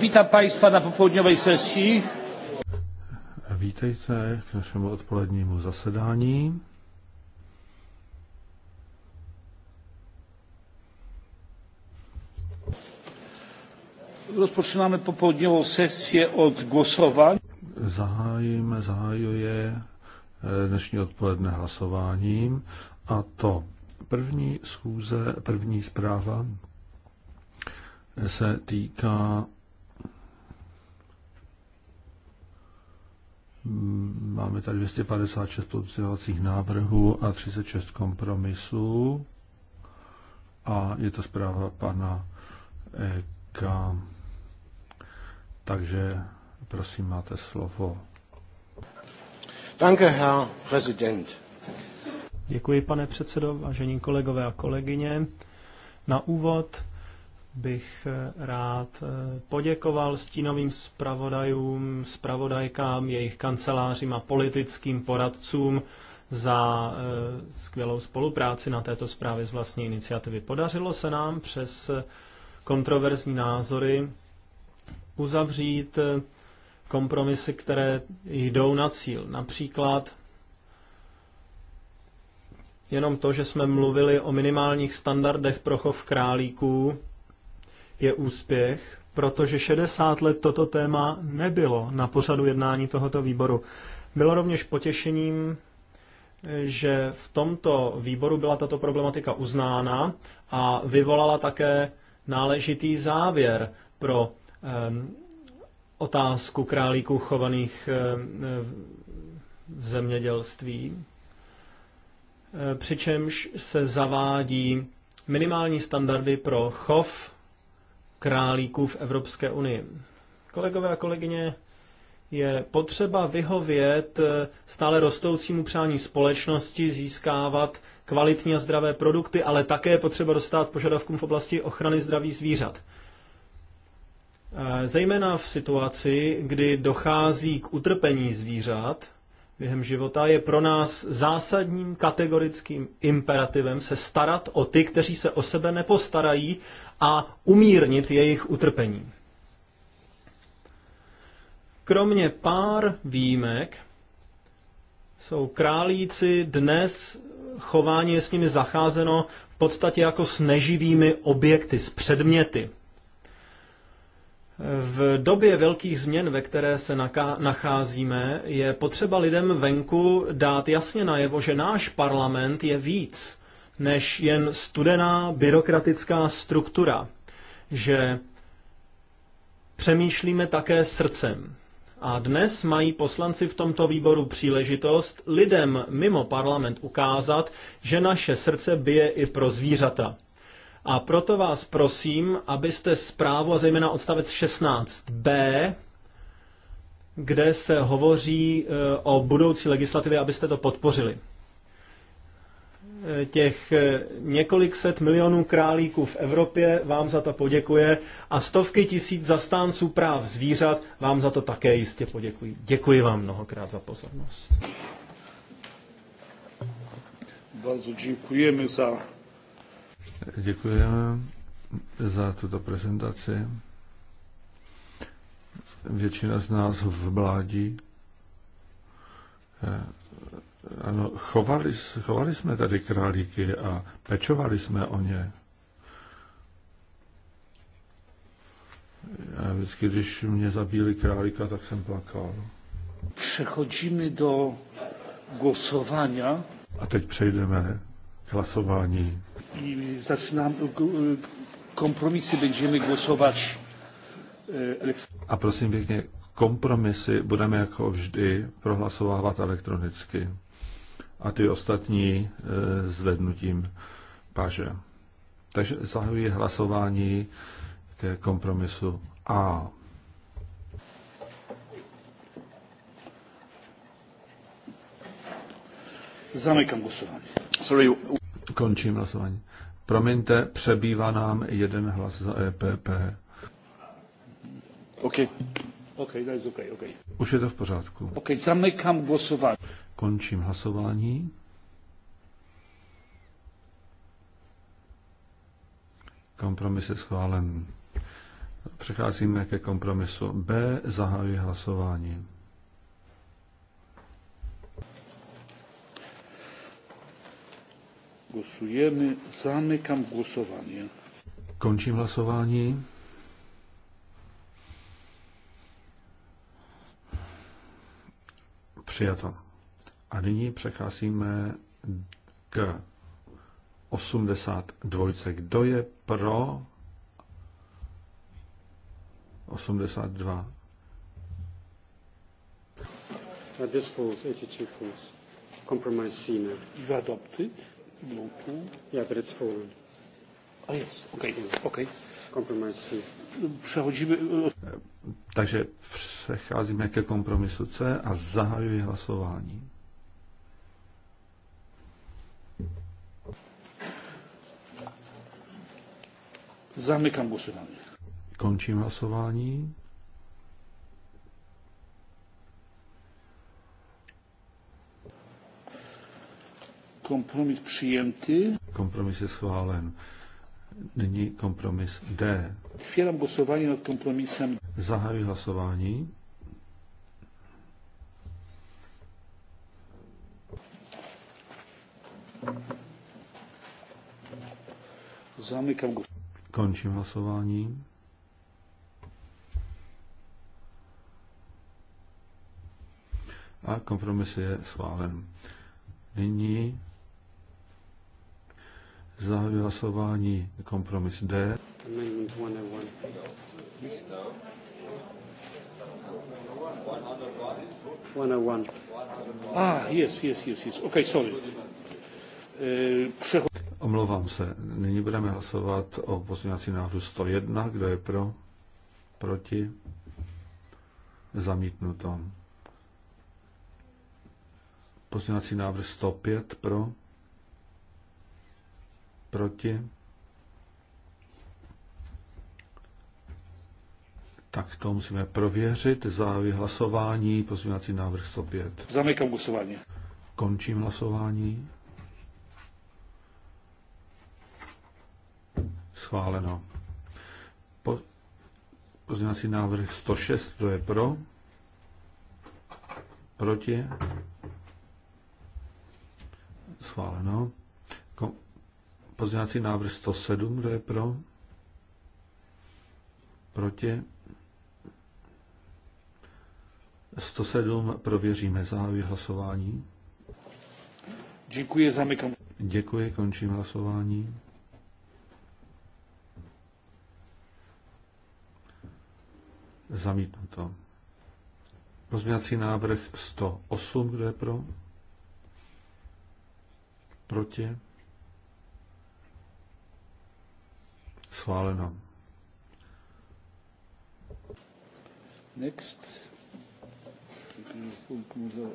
Witam Państwa na popołudniowej sesji. Vítejte k našemu odpolednímu zasedání. Rozpoczynamy popołudniową sesję od głosowań. Zahájíme, zahajuje e, dnešní odpoledne hlasováním a to první schůze, první zpráva se týká Mm, máme tady 256 pozměňovacích návrhů a 36 kompromisů. A je to zpráva pana Eka. Takže prosím, máte slovo. Danke, Herr Präsident. Děkuji, pane předsedo, vážení kolegové a kolegyně. Na úvod bych eh, rád eh, poděkoval stínovým zpravodajům, zpravodajkám, jejich kancelářím a politickým poradcům za eh, skvělou spolupráci na této zprávě z vlastní iniciativy. Podařilo se nám přes kontroverzní názory uzavřít kompromisy, které jdou na cíl. Například jenom to, že jsme mluvili o minimálních standardech pro chov králíků, je úspěch, protože 60 let toto téma nebylo na pořadu jednání tohoto výboru. Bylo rovněž potěšením, že v tomto výboru byla tato problematika uznána a vyvolala také náležitý závěr pro otázku králíků chovaných v zemědělství, přičemž se zavádí minimální standardy pro chov králíků v Evropské unii. Kolegové a kolegyně, je potřeba vyhovět eh, stále rostoucímu přání společnosti získávat kvalitní a zdravé produkty, ale také je potřeba dostat požadavkům v oblasti ochrany zdraví zvířat. Eh, zejména v situaci, kdy dochází k utrpení zvířat, během života, je pro nás zásadním kategorickým imperativem se starat o ty, kteří se o sebe nepostarají a umírnit jejich utrpení. Kromě pár výjimek jsou králíci dnes chování je s nimi zacházeno v podstatě jako s neživými objekty, s předměty. V době velkých změn, ve které se nacházíme, je potřeba lidem venku dát jasně najevo, že náš parlament je víc než jen studená byrokratická struktura, že přemýšlíme také srdcem. A dnes mají poslanci v tomto výboru příležitost lidem mimo parlament ukázat, že naše srdce bije i pro zvířata. A proto vás prosím, abyste zprávu, a zejména odstavec 16b, kde se hovoří eh, o budoucí legislativě, abyste to podpořili. Eh, těch eh, několik set milionů králíků v Evropě vám za to poděkuje a stovky tisíc zastánců práv zvířat vám za to také jistě poděkují. Děkuji vám mnohokrát za pozornost. Bardzo dziękujemy za Děkuji za tuto prezentaci. Většina z nás v mládí eh, ano, chovali, chovali jsme tady králíky a pečovali jsme o ně. Já vždycky, když mě zabíli králíka, tak jsem plakal. Přechodíme do głosowania. A teď přejdeme k hlasování i eh, eh, kompromisy będziemy głosować eh, a prosím pěkně, kompromisy budeme jako vždy prohlasovávat elektronicky a ty ostatní e, zvednutím paže. Takže zahajuji hlasování ke kompromisu A. Zamykám hlasování. Sorry. Končím hlasování. Promiňte, přebývá nám jeden hlas za EPP. OK. OK, that is OK, OK. Už je to v pořádku. OK, zamykám hlasování. Končím hlasování. Kompromis je schválen. Přecházíme ke kompromisu B. Zahajuji hlasování. Głosujemy. Zamykam głosowanie. Končím hlasování. Přijato. A nyní přecházíme k 82. Kto je pro 82? This falls, 82 falls. Compromise C now. Adopted. Přechodíme. Eh, Takže přecházíme ke kompromisu C a zahajuji hlasování. Zamykám hlasování. Končím hlasování. Kompromis přijemty. Kompromis je schválen. Nyní kompromis D. Otwieram hlasování nad kompromisem. Zahajuji hlasování. Zamykám. go. Končím hlasování. A kompromis je schválen. Nyní Zahajuji hlasování kompromis D. Oh oh ah, yes, yes, yes, yes. Okay, sorry. Eh, Přechod... Omlouvám se. Nyní budeme hlasovat o pozměňovacím návrhu 101. Kdo je pro? Proti? Zamítnuto. Pozměňovací návrh 105 pro? proti. Tak to musíme prověřit. Zahajuji hlasování. Pozměňovací návrh 105. Zamykám hlasování. Končím hlasování. Schváleno. Po, pozměňovací návrh 106. to je pro? Proti? Schváleno. Kom- Pozměňovací návrh 107, kdo je pro? Proti? 107 prověříme. zahájí hlasování. Děkuji, zamykám. Děkuji, končím hlasování. Zamítnuto. Pozměňovací návrh 108, kdo je pro? Proti? schváleno. Next.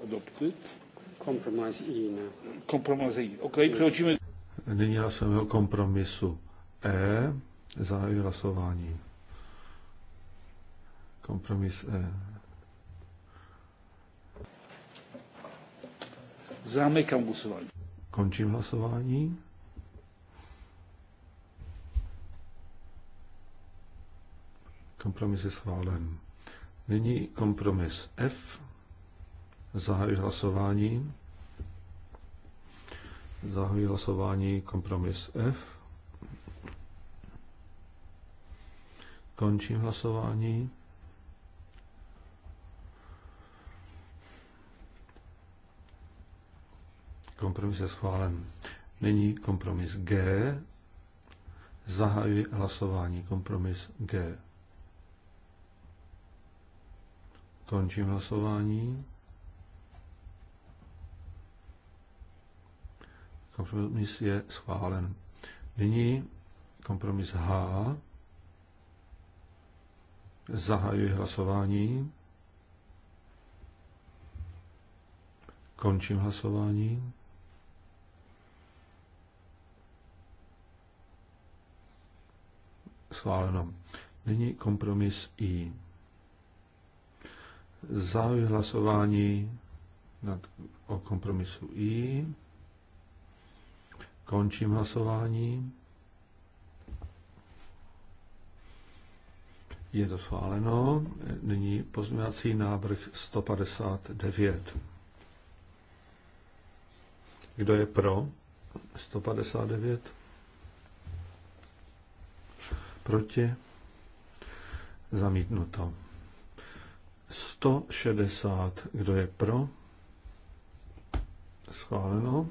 Adopted. Compromise e e. Nyní hlasujeme o kompromisu E. Zahajuji hlasování. Kompromis E. Zamykám hlasování. Končím hlasování. Kompromis je schválen. Nyní kompromis F. Zahajuji hlasování. Zahajuji hlasování kompromis F. Končím hlasování. Kompromis je schválen. Nyní kompromis G. Zahajuji hlasování kompromis G. Končím hlasování. Kompromis je schválen. Nyní kompromis H. Zahajuji hlasování. Končím hlasování. Schváleno. Nyní kompromis I. Zahajuji hlasování nad, o kompromisu I. Končím hlasování. Je to schváleno. Nyní pozměňovací návrh 159. Kdo je pro 159? Proti? Zamítnuto. 160. Kdo je pro? Schváleno.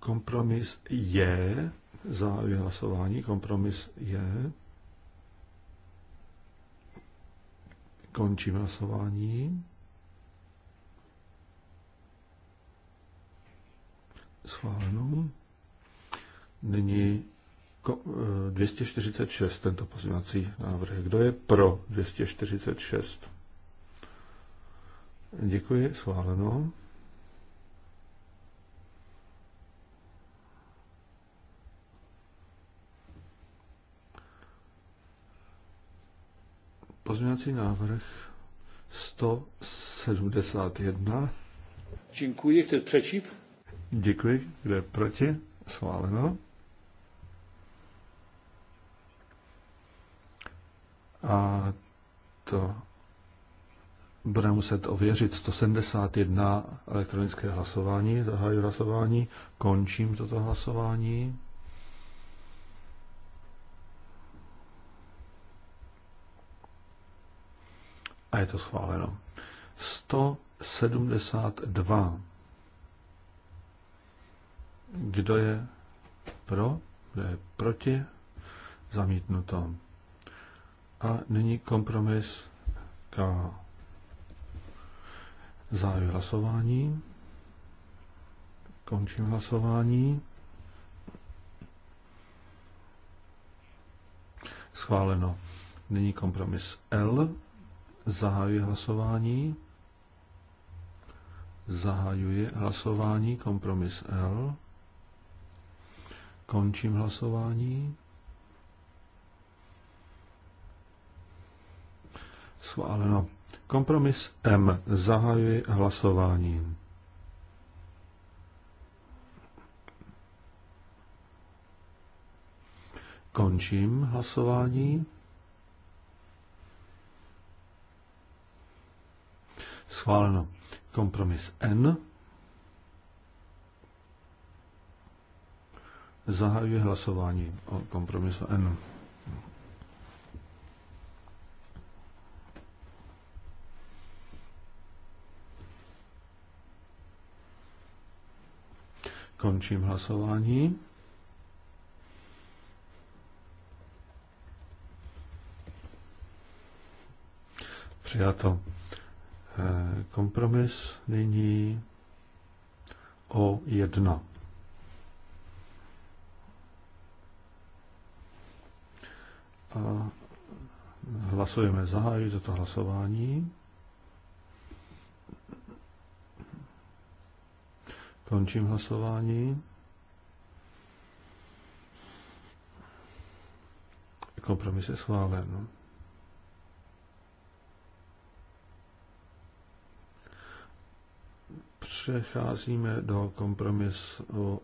Kompromis je. za vyhlasování. Kompromis je. Končím hlasování. Schváleno. Nyní 246, eh, tento pozměňovací návrh. Kdo je pro 246? Děkuji, schváleno. Pozměňovací návrh 171. Děkuji, kdo je Děkuji, kdo je proti? Schváleno. a to bude muset ověřit 171 elektronické hlasování, zahájí hlasování, končím toto hlasování. A je to schváleno. 172. Kdo je pro? Kdo je proti? Zamítnuto. A nyní kompromis k zájmu hlasování. Končím hlasování. Schváleno. Nyní kompromis L. Zahajuji hlasování. Zahajuji hlasování. Kompromis L. Končím hlasování. Schváleno. Kompromis M. Zahajuji hlasování. Končím hlasování. Schváleno. Kompromis N. Zahajuji hlasování o kompromisu N. Končím hlasování. Přijato eh, kompromis nyní o jedna. A hlasujeme, zahájí toto hlasování. Končím hlasování. Kompromis je schválen. Přecházíme do kompromisu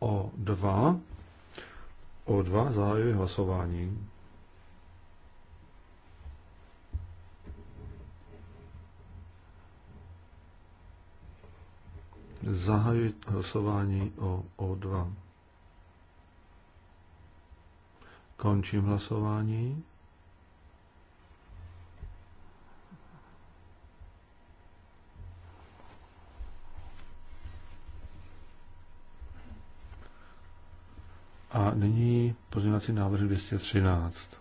O2. O2 zahajuje hlasování. Zahájit hlasování o O2. Končím hlasování. A nyní pozměňovací návrh 213.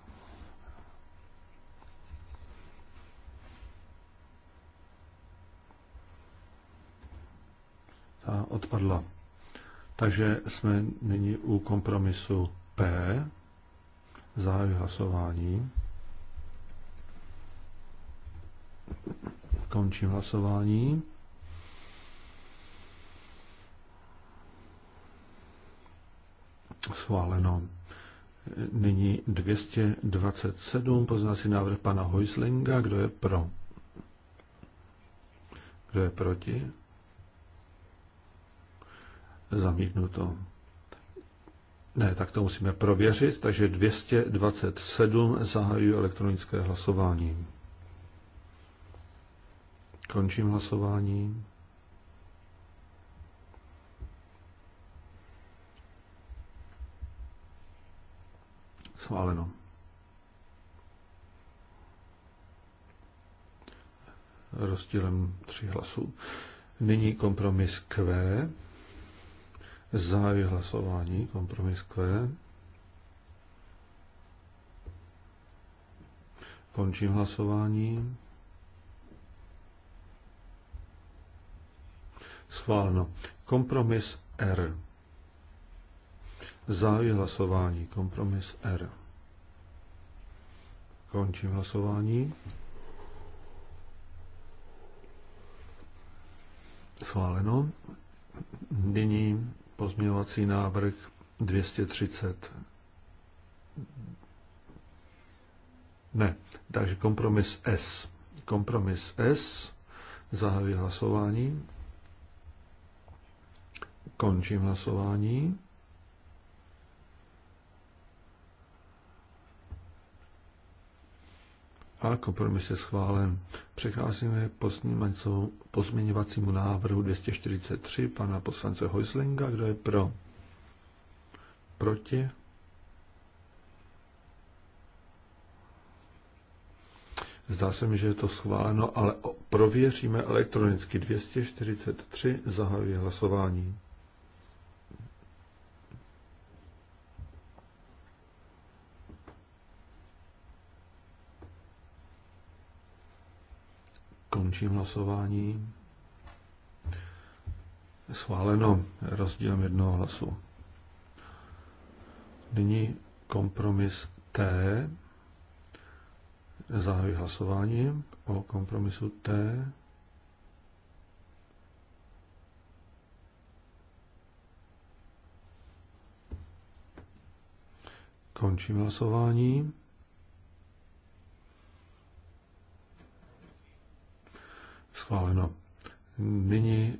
ta odpadla. Takže jsme nyní u kompromisu P, zahájí hlasování. Končím hlasování. Schváleno. Nyní 227, poznací návrh pana Hojslinga. Kdo je pro? Kdo je proti? Zamítnuto. Ne, tak to musíme prověřit, takže 227 zahajuje elektronické hlasování. Končím hlasování. Schváleno. Rozdílem tři hlasů. Nyní kompromis Q. Zahajuji hlasování, kompromis Q. Končím hlasování. Schváleno. Kompromis R. Zahajuji hlasování. Kompromis R. Končím hlasování. Schváleno. Nyní Pozměňovací návrh 230. Ne, takže kompromis S. Kompromis S. Zahajuji hlasování. Končím hlasování. A kompromis je schválen. Přecházíme k pozměňovacímu návrhu 243 pana poslance Hojslinga. Kdo je pro? Proti? Zdá se mi, že je to schváleno, ale prověříme elektronicky. 243 zahajuje hlasování. Končím hlasování. Schváleno rozdílem jednoho hlasu. Nyní kompromis T. Zahajuji hlasování o kompromisu T. Končím hlasování. Schváleno. Nyní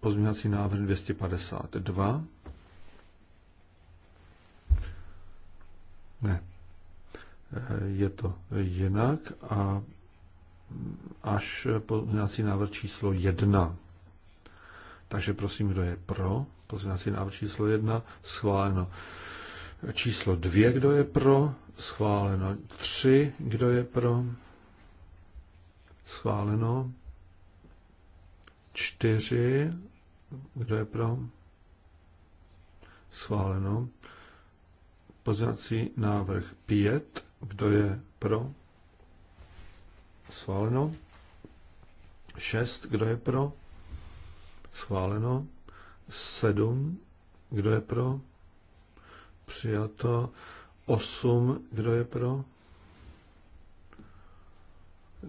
pozměňovací návrh 252. Ne. Je to jinak a až pozměňovací návrh číslo 1. Takže prosím, kdo je pro pozměňovací návrh číslo 1? Schváleno. Číslo 2, kdo je pro? Schváleno. 3, kdo je pro? Schváleno čtyři. Kdo je pro? Schváleno. Pozorací návrh pět. Kdo je pro? Schváleno. Šest. Kdo je pro? Schváleno. Sedm. Kdo je pro? Přijato. Osm. Kdo je pro?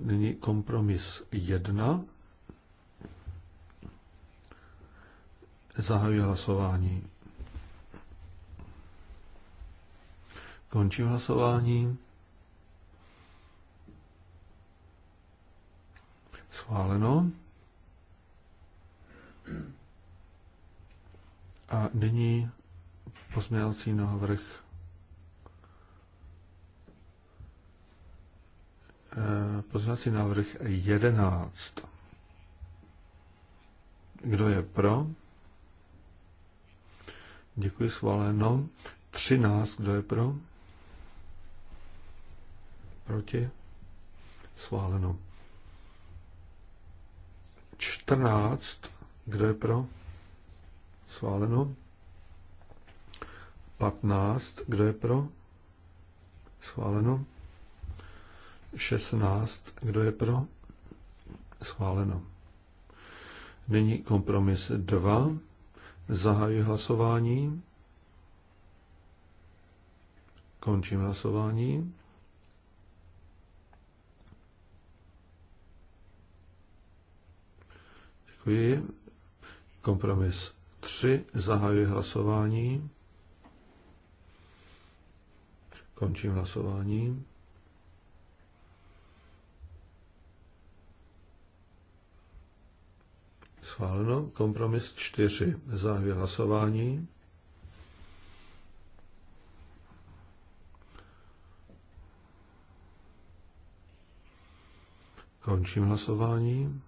Nyní kompromis jedna. Zahajuji hlasování. Končím hlasování. Schváleno. A nyní pozměňovací návrh eh, pozměňovací návrh 11. Kdo je pro? Děkuji, schváleno. 13, kdo je pro? Proti? Schváleno. 14, kdo je pro? Schváleno. 15, kdo je pro? Schváleno. 16, kdo je pro? Schváleno. Nyní kompromis 2. Zahajuji hlasování. Končím hlasování. Děkuji. Kompromis 3. Zahajuji hlasování. Končím hlasování. Schváleno. Kompromis 4. Závěr hlasování. Končím hlasování.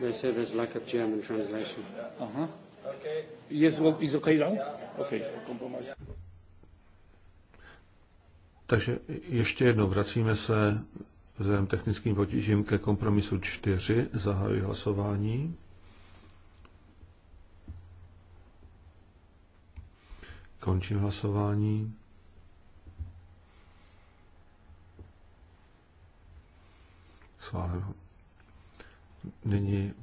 They said there's lack of German translation. Uh-huh okay. Yes, well, is okay now? Okay. Takže ještě jednou vracíme se vzhledem technickým potížím ke kompromisu 4. Zahajuji hlasování. Končím hlasování. Schváleno. Nyní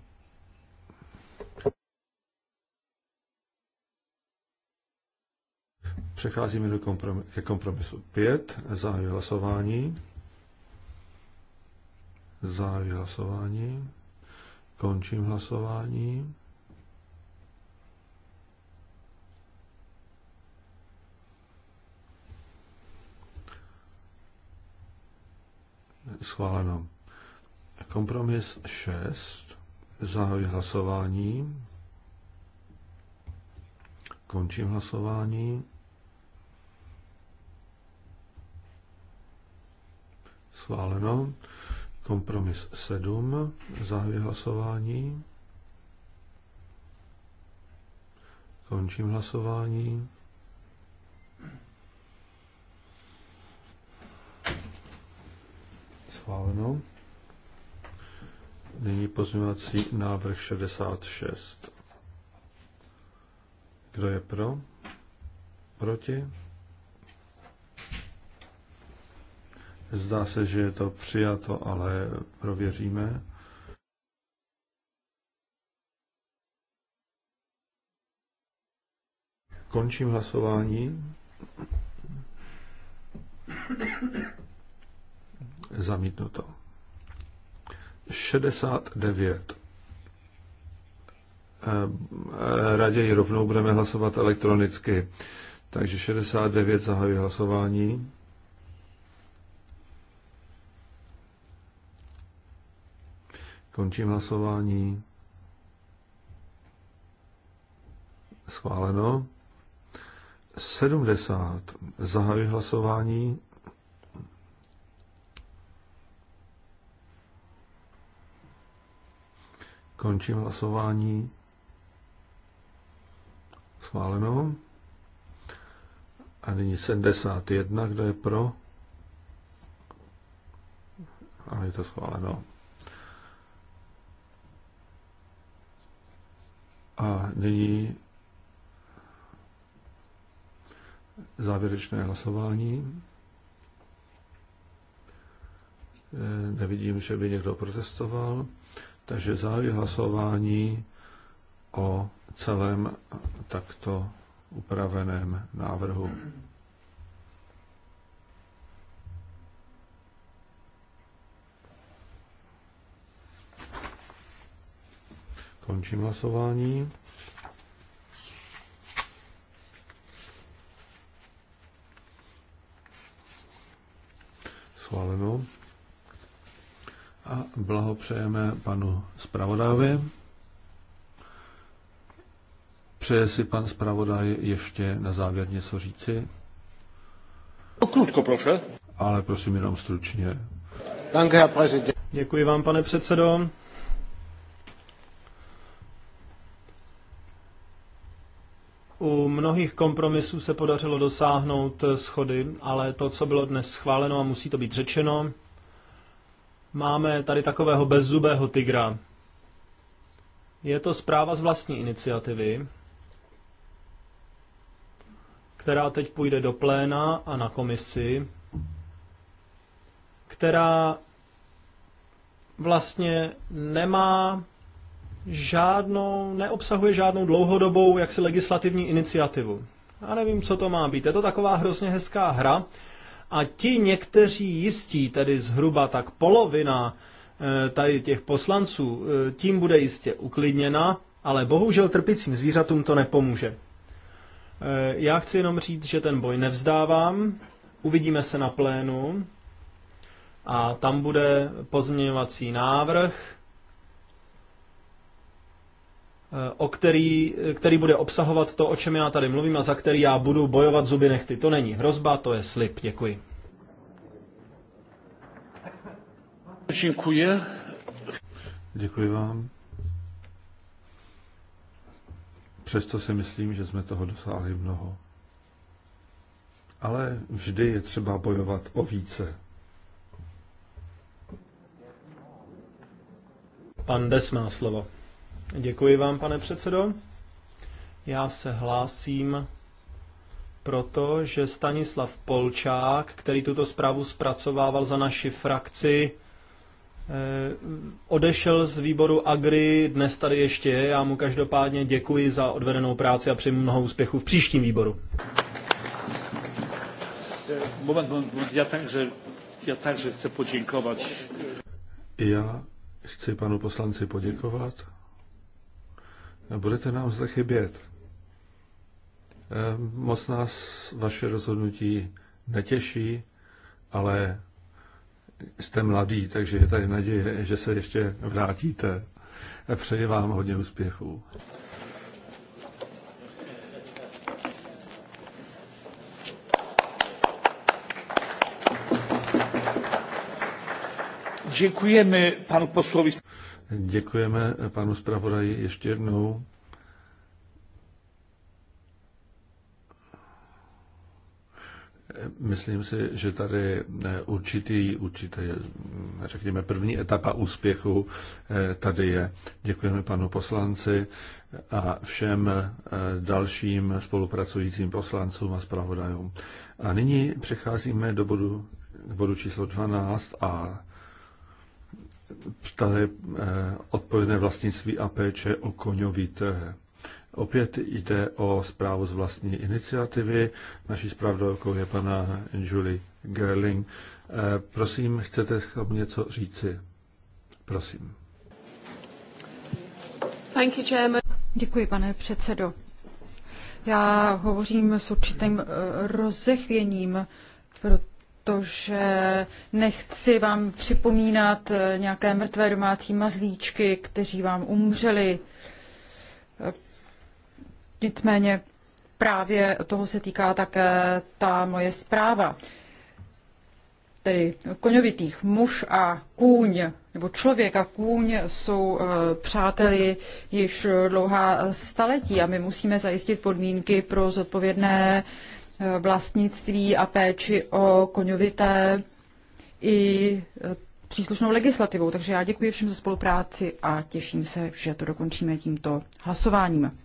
Přecházíme do kompromis, ke kompromisu 5. Zahajuji hlasování. Zahajuji hlasování. Končím hlasování. Schváleno. Kompromis 6. Zahajuji hlasování. Končím hlasování. Schváleno. Kompromis 7. Zahajuji hlasování. Končím hlasování. Schváleno. Nyní pozměňovací návrh 66. Kdo je pro? Proti? Zdá se, že je to přijato, ale prověříme. Končím hlasování. Zamítnuto. 69. Eh, raději rovnou budeme hlasovat elektronicky. Takže 69 zahajuji hlasování. Končím hlasování. Schváleno. 70. Zahajuji hlasování. Končím hlasování. Schváleno. A nyní 71, kdo je pro? A je to schváleno. A nyní závěrečné hlasování. Eh, nevidím, že by někdo protestoval, takže závěr hlasování o celém takto upraveném návrhu. Končím hlasování. Schváleno. A blahopřejeme panu zpravodajovi. Přeje si pan zpravodaj ještě na závěr něco říci? No, krutko, prosím. Ale prosím jenom stručně. Děkuji vám, pane předsedo. U mnohých kompromisů se podařilo dosáhnout schody, ale to, co bylo dnes schváleno a musí to být řečeno, máme tady takového bezzubého tygra. Je to zpráva z vlastní iniciativy, která teď půjde do pléna a na komisi, která vlastně nemá žádnou, neobsahuje žádnou dlouhodobou jaksi legislativní iniciativu. Já nevím, co to má být. Je to taková hrozně hezká hra a ti někteří jistí, tedy zhruba tak polovina eh, tady těch poslanců, eh, tím bude jistě uklidněna, ale bohužel trpicím zvířatům to nepomůže. Eh, já chci jenom říct, že ten boj nevzdávám. Uvidíme se na plénu a tam bude pozměňovací návrh, Eh, o který, eh, který bude obsahovat to, o čem já tady mluvím a za který já budu bojovat zuby nechty. To není hrozba, to je slib. Děkuji. Děkuji. Děkuji vám. Přesto si myslím, že jsme toho dosáhli mnoho. Ale vždy je třeba bojovat o více. Pan Des má slovo. Děkuji vám, pane předsedo. Já se hlásím proto, že Stanislav Polčák, který tuto zprávu zpracovával za naši frakci, eh, odešel z výboru Agri, dnes tady ještě je. Já mu každopádně děkuji za odvedenou práci a přeji mnoho úspěchů v příštím výboru. Moment, moment, já takže, já takže chci poděkovat. Já chci panu poslanci poděkovat. Budete nám zde chybět. Eh, moc nás vaše rozhodnutí netěší, ale jste mladý, takže je tady naděje, že se ještě vrátíte. Přeji vám hodně úspěchů. Děkujeme panu poslovi. Děkujeme panu zpravodaji ještě jednou. Myslím si, že tady určitý, určitý, řekněme, první etapa úspěchu eh, tady je. Děkujeme panu poslanci a všem eh, dalším spolupracujícím poslancům a zpravodajům. A nyní přecházíme do bodu, k bodu číslo 12 a tady eh, odpovědné vlastnictví a péče o koňový trh. Opět jde o zprávu z vlastní iniciativy. Naší zpravodajkou je pana Julie Gerling. Eh, prosím, chcete k tomu něco říci? Prosím. Thank you, chairman. Děkuji, pane předsedo. Já hovořím s určitým eh, rozechvěním, protože protože nechci vám připomínat eh, nějaké mrtvé domácí mazlíčky, kteří vám umřeli. Eh, nicméně právě toho se týká také ta moje zpráva. Tedy koňovitých muž a kůň, nebo člověk a kůň jsou eh, přáteli již dlouhá staletí a my musíme zajistit podmínky pro zodpovědné uh, vlastnictví a péči o koňovité i e, příslušnou legislativou. Takže já děkuji všem za spolupráci a těším se, že to dokončíme tímto hlasováním.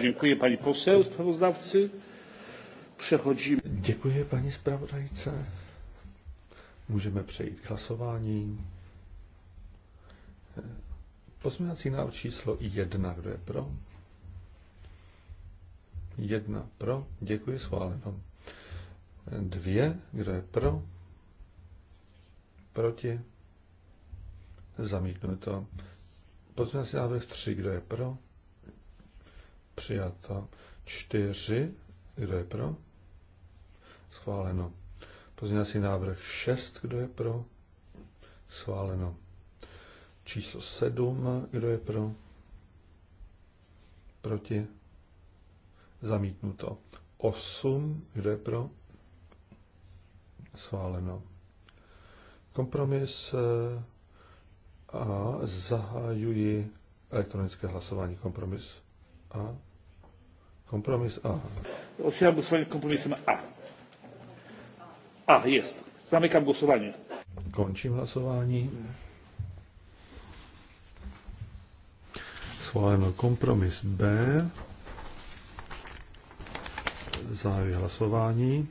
Děkuji paní posel, zpravodavci. Přechodíme. Děkuji paní zpravodajce. Můžeme přejít k hlasování. E, pozměňovací návrh číslo 1, kdo je pro? Jedna pro, děkuji, schváleno. Dvě, kdo je pro, proti, zamítnuto. Pozměňovací návrh tři kdo je pro, přijato. čtyři kdo je pro, schváleno. Pozměňovací návrh šest kdo je pro, schváleno. Číslo sedm kdo je pro, proti, Zamítnuto. 8, kdo je pro? Sváleno. Kompromis eh, A. Zahajuji elektronické hlasování. Kompromis A. Kompromis A. Otvírám hlasování kompromisem A. A, jest. Zamykám hlasování. Končím hlasování. Schváleno kompromis B. Zahajuji hlasování.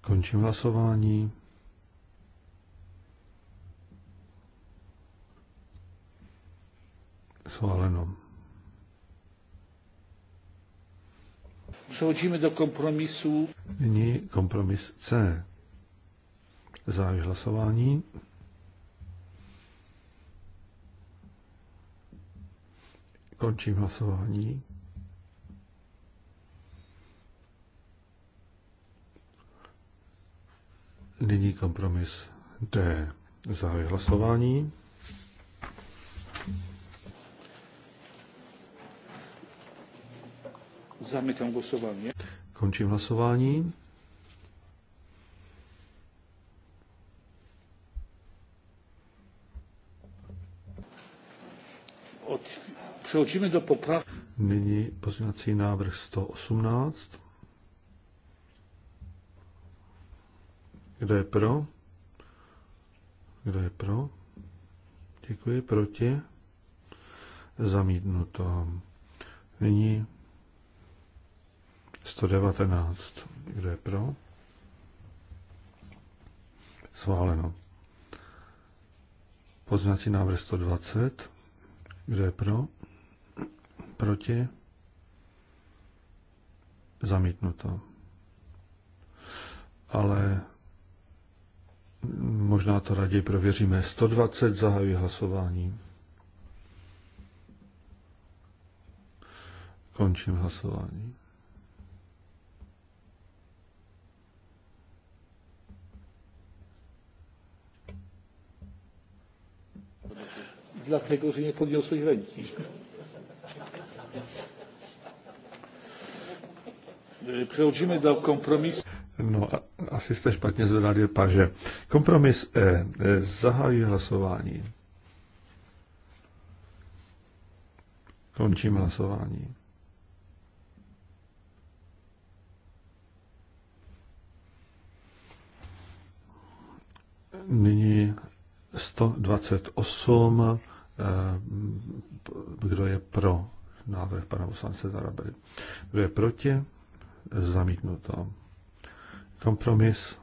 Končím hlasování. Schváleno. Přehodíme do kompromisu. Nyní kompromis C. Zahajuji hlasování. Končím hlasování. Nyní kompromis D. Zahajuji hlasování. Zamykám hlasování. Končím hlasování. Přehodíme do poprav. Nyní pozměňovací návrh 118. Kdo je pro? Kdo je pro? Děkuji. Proti? Zamítnuto. Nyní 119. Kdo je pro? Sváleno. Poznací návrh 120. Kdo je pro? Proti? Zamítnuto. Ale možná to raději prověříme. 120 zahajuji hlasování. Končím hlasování. Dlatego, že nie podniosłeś ręki. Přeložíme do kompromisu. No, asi jste špatně zvedali paže. Kompromis E. e zahájí hlasování. Končím hlasování. Nyní 128. E, kdo je pro? návrh pana poslance Zarabery. Kdo je proti? Zamítnuto. Kompromis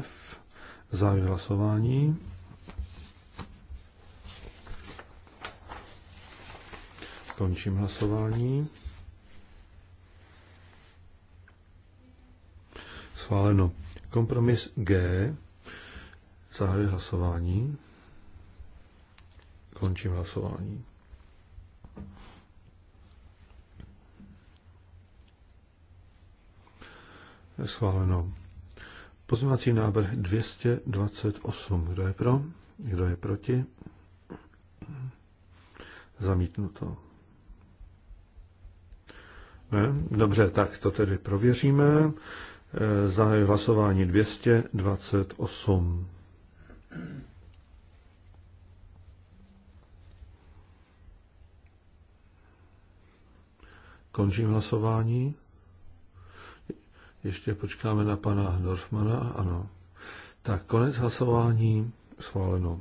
F. Závěr hlasování. Končím hlasování. Schváleno. Kompromis G. Zahajuji hlasování. Končím hlasování. Schváleno. Pozměňovací návrh 228. Kdo je pro? Kdo je proti? Zamítnuto. Ne? Dobře, tak to tedy prověříme. E, zahajuji hlasování 228. Končím hlasování. Ještě počkáme na pana Dorfmana, ano. Tak, konec hlasování, schváleno.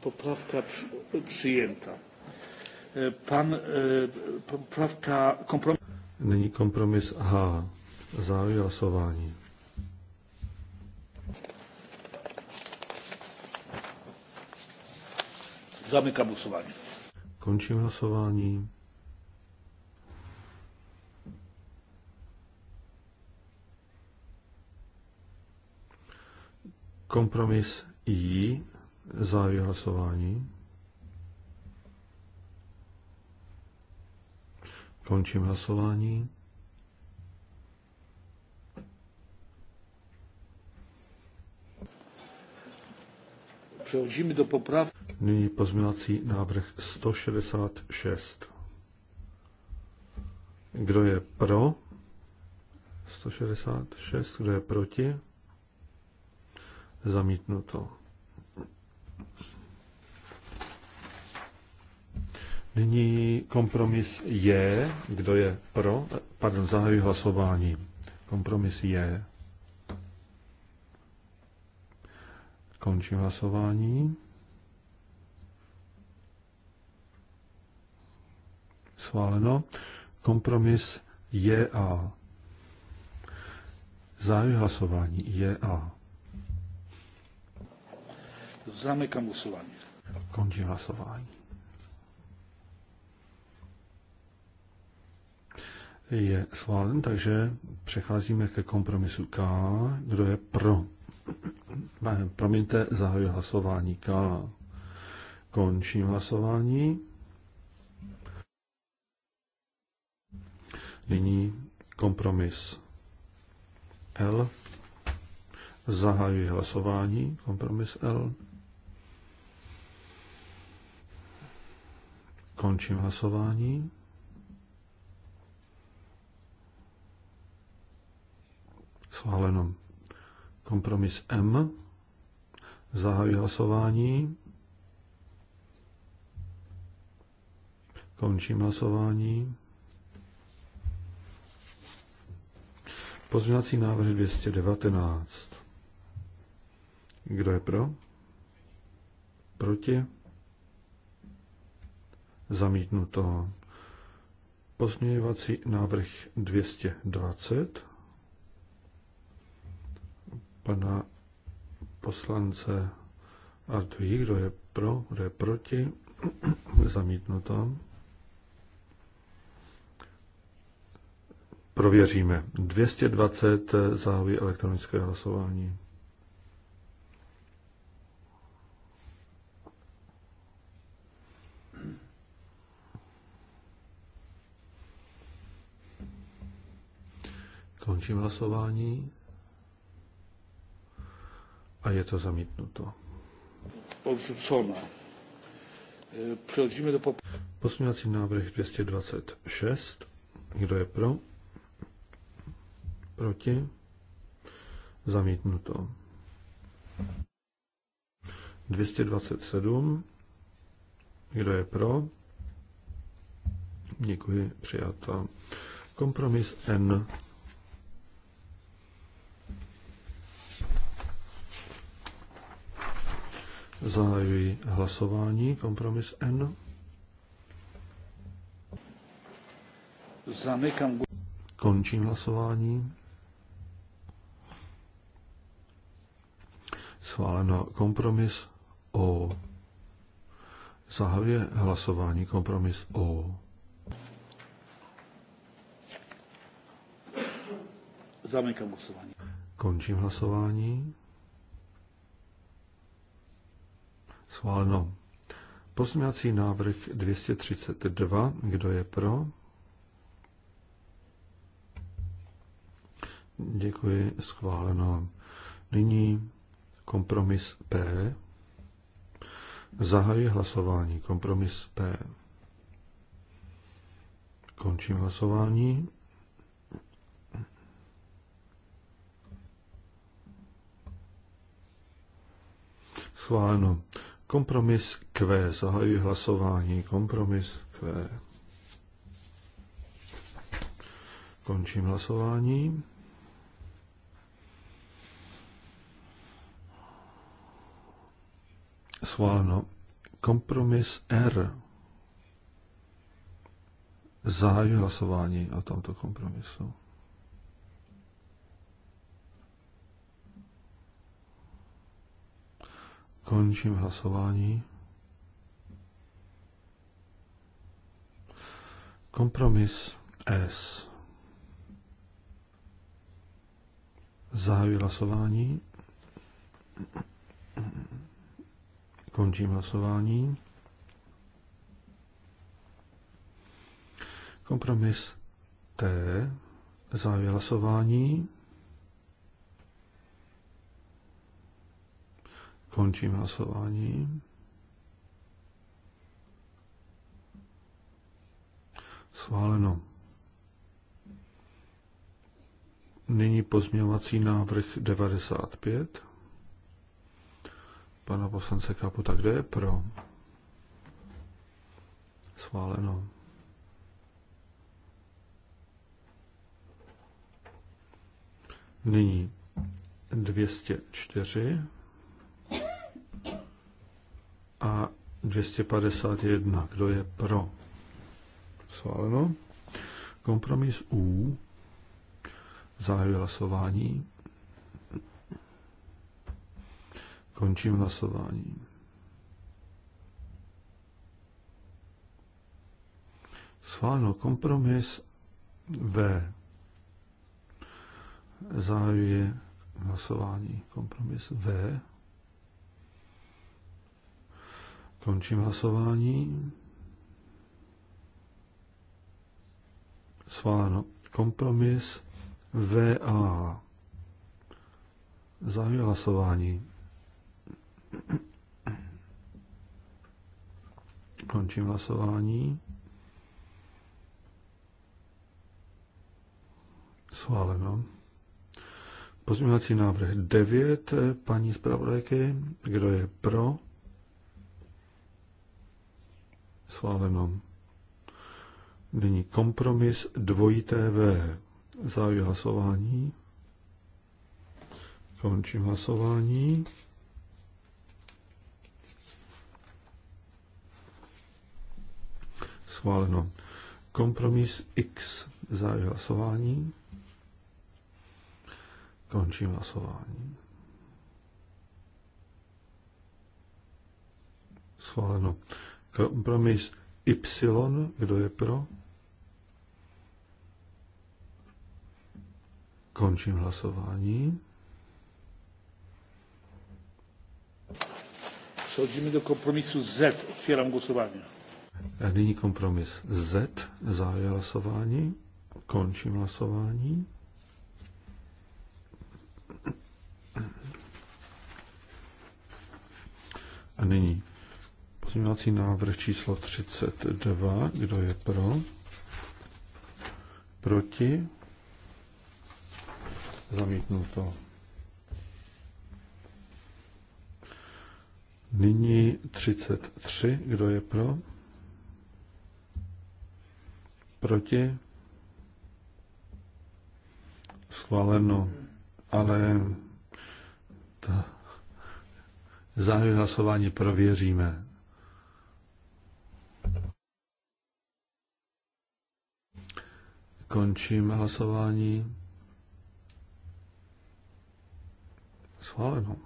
Poprawka przyjęta. E, pan, e, poprawka kompromis... Není kompromis H. Závěr hlasování. Zamykám hlasování. Končím hlasování. Kompromis I, za hlasování. Končím hlasování. Přeložíme do poprav. Nyní pozměňovací návrh 166. Kdo je pro? 166. Kdo je proti? Zamítnuto. Nyní kompromis je. Kdo je pro? Pardon, zahajuji hlasování. Kompromis je. Končím hlasování. Sváleno. Kompromis je a. Zahajuji hlasování je a. Zamykam głosowanie. Končím hlasování. Je schválen, takže přecházíme ke kompromisu K. Kdo je pro? Ne, promiňte, zahajuji hlasování K. Končím hlasování. Nyní kompromis L. Zahajuji hlasování, kompromis L. Končím hlasování. Schváleno. Kompromis M. Zahajuji hlasování. Končím hlasování. Pozměňovací návrh 219. Kdo je pro? Proti? zamítnuto. Pozměňovací návrh 220 pana poslance Artují, kdo je pro, kdo je proti, zamítnuto. Prověříme. 220 závěr elektronické hlasování. Končím hlasování. A je to zamítnuto. Odrzucona. E, Přehodíme do pop... Posměvací návrh 226. Kdo je pro? Proti? Zamítnuto. 227. Kdo je pro? Děkuji, přijato. Kompromis N. Zahajuji hlasování, kompromis N. Zamykám. Končím hlasování. Schváleno kompromis O. Zahajuje hlasování kompromis O. Zamykám hlasování. Končím hlasování. Schváleno. Pozměňovací návrh 232. Kdo je pro? Děkuji, schváleno. Nyní kompromis P. Zahajuji hlasování. Kompromis P. Končím hlasování. Schváleno. Kompromis Q. Zahajuji hlasování. Kompromis Q. Končím hlasování. Schváleno. Kompromis R. Zahajuji hlasování o tomto kompromisu. Končím hlasování. Kompromis S. Zahajuji hlasování. Končím hlasování. Kompromis T. Zahajuji hlasování. Končím hlasování. Schváleno. Nyní pozměňovací návrh 95. Pana poslance Tak kde je pro? Schváleno. Nyní 204 a 251. Kdo je pro? Sváleno. Kompromis U. Zahajuji hlasování. Končím hlasování. Schváleno kompromis V. Zahajuji hlasování kompromis V. Končím hlasování. Sváno. Kompromis VA. Zahajuji hlasování. Končím hlasování. Schváleno. Pozměňovací návrh 9 paní zpravodajky. Kdo je pro? Schváleno. Nyní kompromis dvojité V. Závěr hlasování. Končím hlasování. Schváleno. Kompromis X. Závěr hlasování. Končím hlasování. Schváleno. Kompromis Y, kdo je pro? Končím hlasování. Přechodíme do kompromisu Z. Otvírám hlasování. Nyní kompromis Z. Zájem hlasování. Končím hlasování. A nyní Pozměňovací návrh číslo 32. Kdo je pro? Proti? Zamítnuto. Nyní 33. Kdo je pro? Proti? Schváleno. Ale ta zahájení hlasování prověříme. Končím hlasování. Schváleno.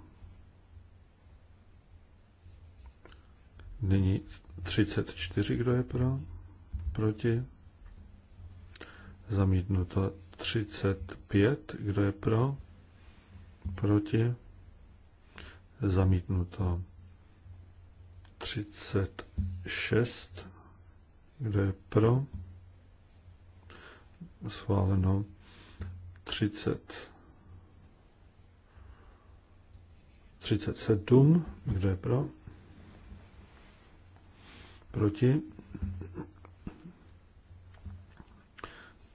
Nyní 34, kdo je pro? Proti? Zamítnuto 35, kdo je pro? Proti? Zamítnuto 36, kdo je pro? schváleno 30. 37, kdo je pro? Proti?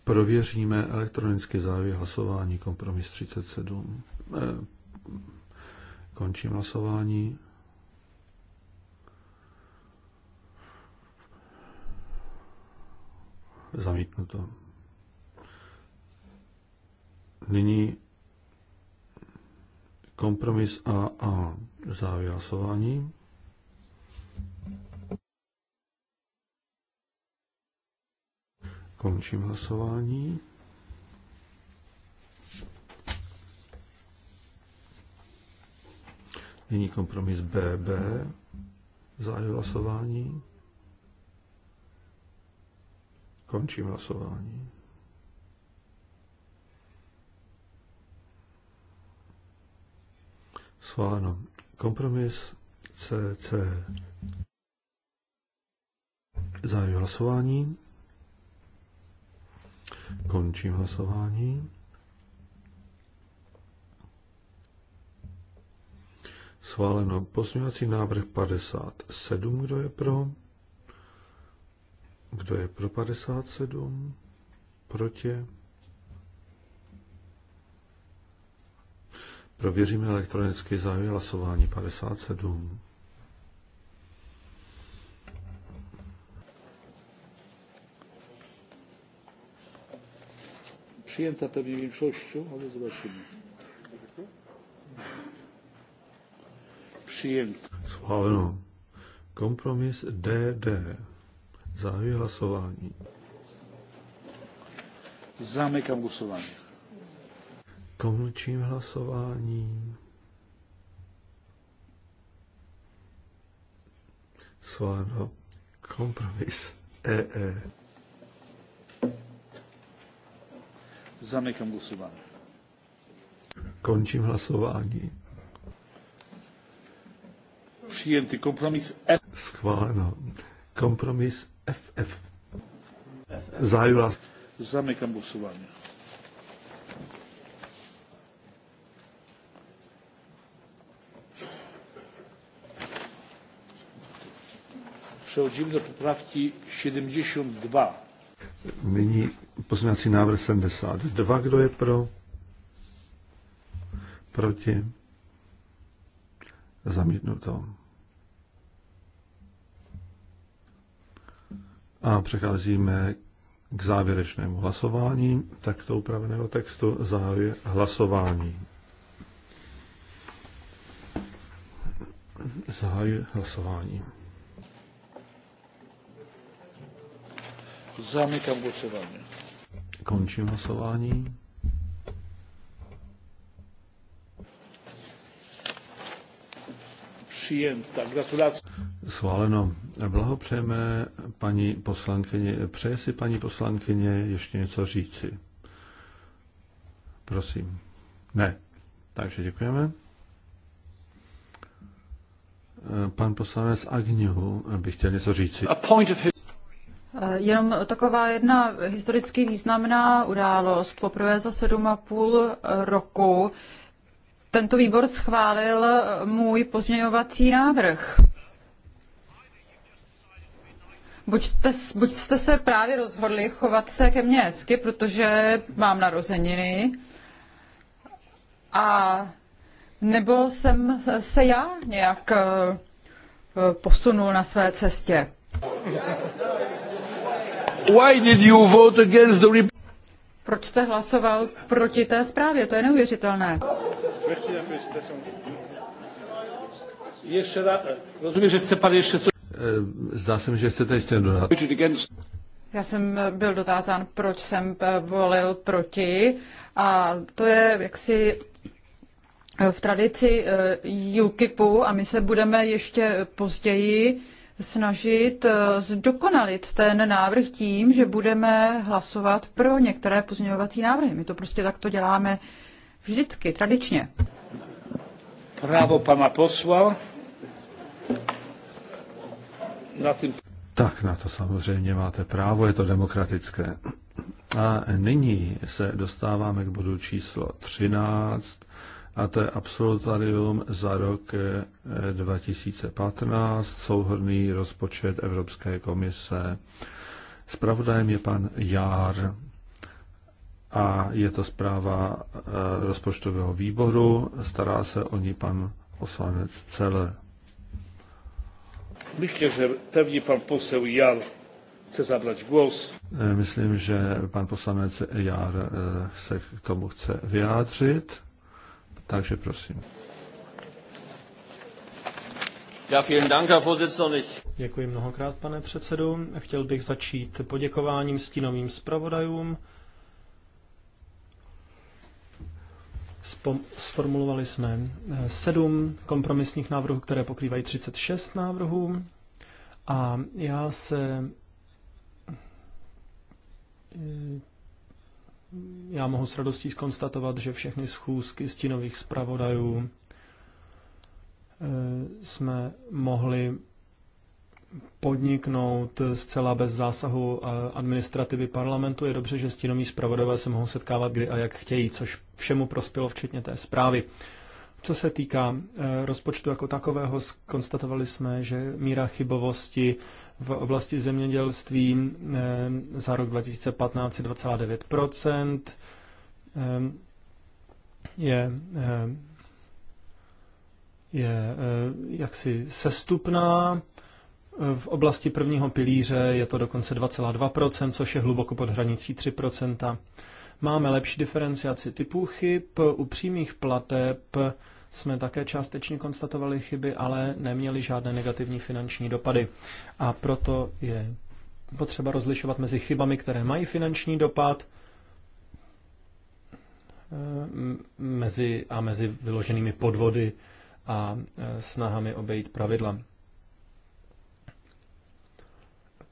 Prověříme elektronický závěr hlasování kompromis 37. Eh, končím hlasování. Zamítnuto. Nyní kompromis A Závěr hlasování. Končím hlasování. Nyní kompromis BB. Zahajuji hlasování. Končím hlasování. sváno. Kompromis CC. Zahajuji hlasování. Končím hlasování. Schváleno pozměňovací návrh 57. Kdo je pro? Kdo je pro 57? Proti? Prověříme elektronicky závěr hlasování 57. Przyjęta pewnie większością, ale zobaczymy. Przyjęta. Schváleno. Kompromis DD. Zahajuji hlasování. Zamykám hlasování. Končím hlasování. Sváno, Kompromis e. e. Zamykám hlasování. Končím hlasování. Přijemný kompromis F. Schváleno. Kompromis FF. FF. Zajula. Zamykám hlasování. Přechodzimy do poprawki 72. Nyní poznací návrh 72. Kdo je pro? Proti? Zamítnuto. A přecházíme k závěrečnému hlasování takto upraveného textu Zahajuje hlasování. Zahajuje hlasování. Zamykam głosowanie. Kończę hlasování. Přijenta. Gratulacje. Sváleno. Blahopřejeme paní poslankyně. Přeje si paní poslankyně ještě něco říci? Prosím. Ne. Takže děkujeme. Pan poslanec Agniu bych chtěl něco říci. Eh, jenom taková jedna historicky významná událost. Poprvé za 7,5 eh, roku tento výbor schválil eh, můj pozměňovací návrh. Buď jste, buď jste se právě rozhodli chovat se ke mně hezky, protože mám narozeniny, a nebo jsem se já nějak posunul na své cestě. Why did you vote against the Proč jste hlasoval proti té zprávě? To je neuvěřitelné. Ještě rozumím, že chce pan ještě co... Eh, zdá se mi, že chcete ještě dodat. Já jsem eh, byl dotázán, proč jsem eh, volil proti a to je jaksi v tradici UKIPu a my se budeme ještě později snažit eh, zdokonalit ten návrh tím, že budeme hlasovat pro některé pozměňovací návrhy. My to prostě takto děláme vždycky, tradičně. Právo pana posla. Na tým... Tak na to samozřejmě máte právo, je to demokratické. A nyní se dostáváme k bodu číslo 13 a to je absolutarium za rok 2015, eh, souhrný rozpočet Evropské komise. Spravodajem je pan Jár a je to zpráva eh, rozpočtového výboru, stará se o ní pan poslanec Celer. Myslím, že pevně pan posel Jár chce zabrat głos. Eh, myslím, že pan poslanec Jár se k tomu chce vyjádřit. Takže prosím. vielen Dank, Herr Vorsitzender. Děkuji mnohokrát, pane předsedu. Chtěl bych začít poděkováním stínovým zpravodajům. Sformulovali jsme eh, sedm kompromisních návrhů, které pokrývají 36 návrhů. A já se eh, já mohu s radostí skonstatovat, že všechny schůzky stinových zpravodajů eh, jsme mohli podniknout zcela bez zásahu eh, administrativy parlamentu. Je dobře, že stínoví zpravodové se mohou setkávat kdy a jak chtějí, což všemu prospělo, včetně té zprávy. Co se týká eh, rozpočtu jako takového, skonstatovali jsme, že míra chybovosti v oblasti zemědělství eh, za rok 2015 2,9 je, eh, je eh, jaksi sestupná. V oblasti prvního pilíře je to dokonce 2,2%, což je hluboko pod hranicí 3%. Máme lepší diferenciaci typů chyb. U přímých plateb jsme také částečně konstatovali chyby, ale neměli žádné negativní finanční dopady. A proto je potřeba rozlišovat mezi chybami, které mají finanční dopad, eh, mezi, a mezi vyloženými podvody a eh, snahami obejít pravidla.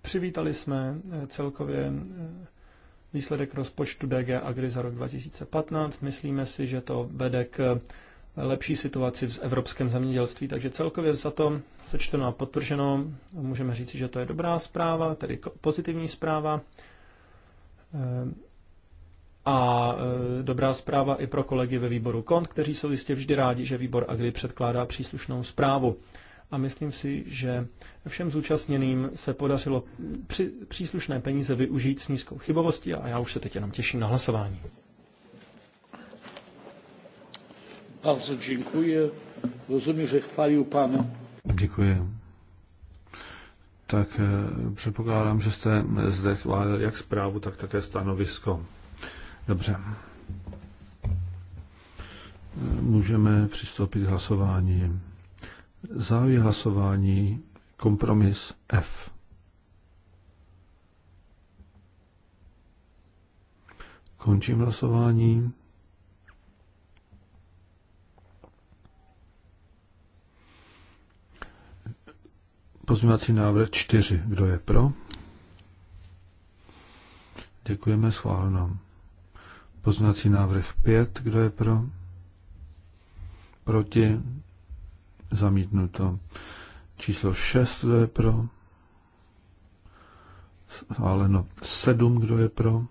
Přivítali jsme eh, celkově výsledek rozpočtu DG Agri za rok 2015. Myslíme si, že to vede k lepší situaci v evropském zemědělství. Takže celkově za to sečteno a potvrženo můžeme říci, že to je dobrá zpráva, tedy pozitivní zpráva. Eh, a eh, dobrá zpráva i pro kolegy ve výboru KONT, kteří jsou jistě vždy rádi, že výbor AGRI předkládá příslušnou zprávu. A myslím si, že všem zúčastněným se podařilo při, příslušné peníze využít s nízkou chybovostí a já už se teď jenom těším na hlasování. Bardzo dziękuję. Rozumím, že chválil pana. Děkuji. Tak e, předpokládám, že jste zde chválil jak zprávu, tak také stanovisko. Dobře. Můžeme přistoupit k hlasování. Závěr hlasování kompromis F. Končím hlasování. Pozměňovací návrh 4. Kdo je pro? Děkujeme, schváleno. Pozměňovací návrh 5. Kdo je pro? Proti? Zamítnuto. Číslo 6. Kdo je pro? Schváleno. 7. Kdo je pro?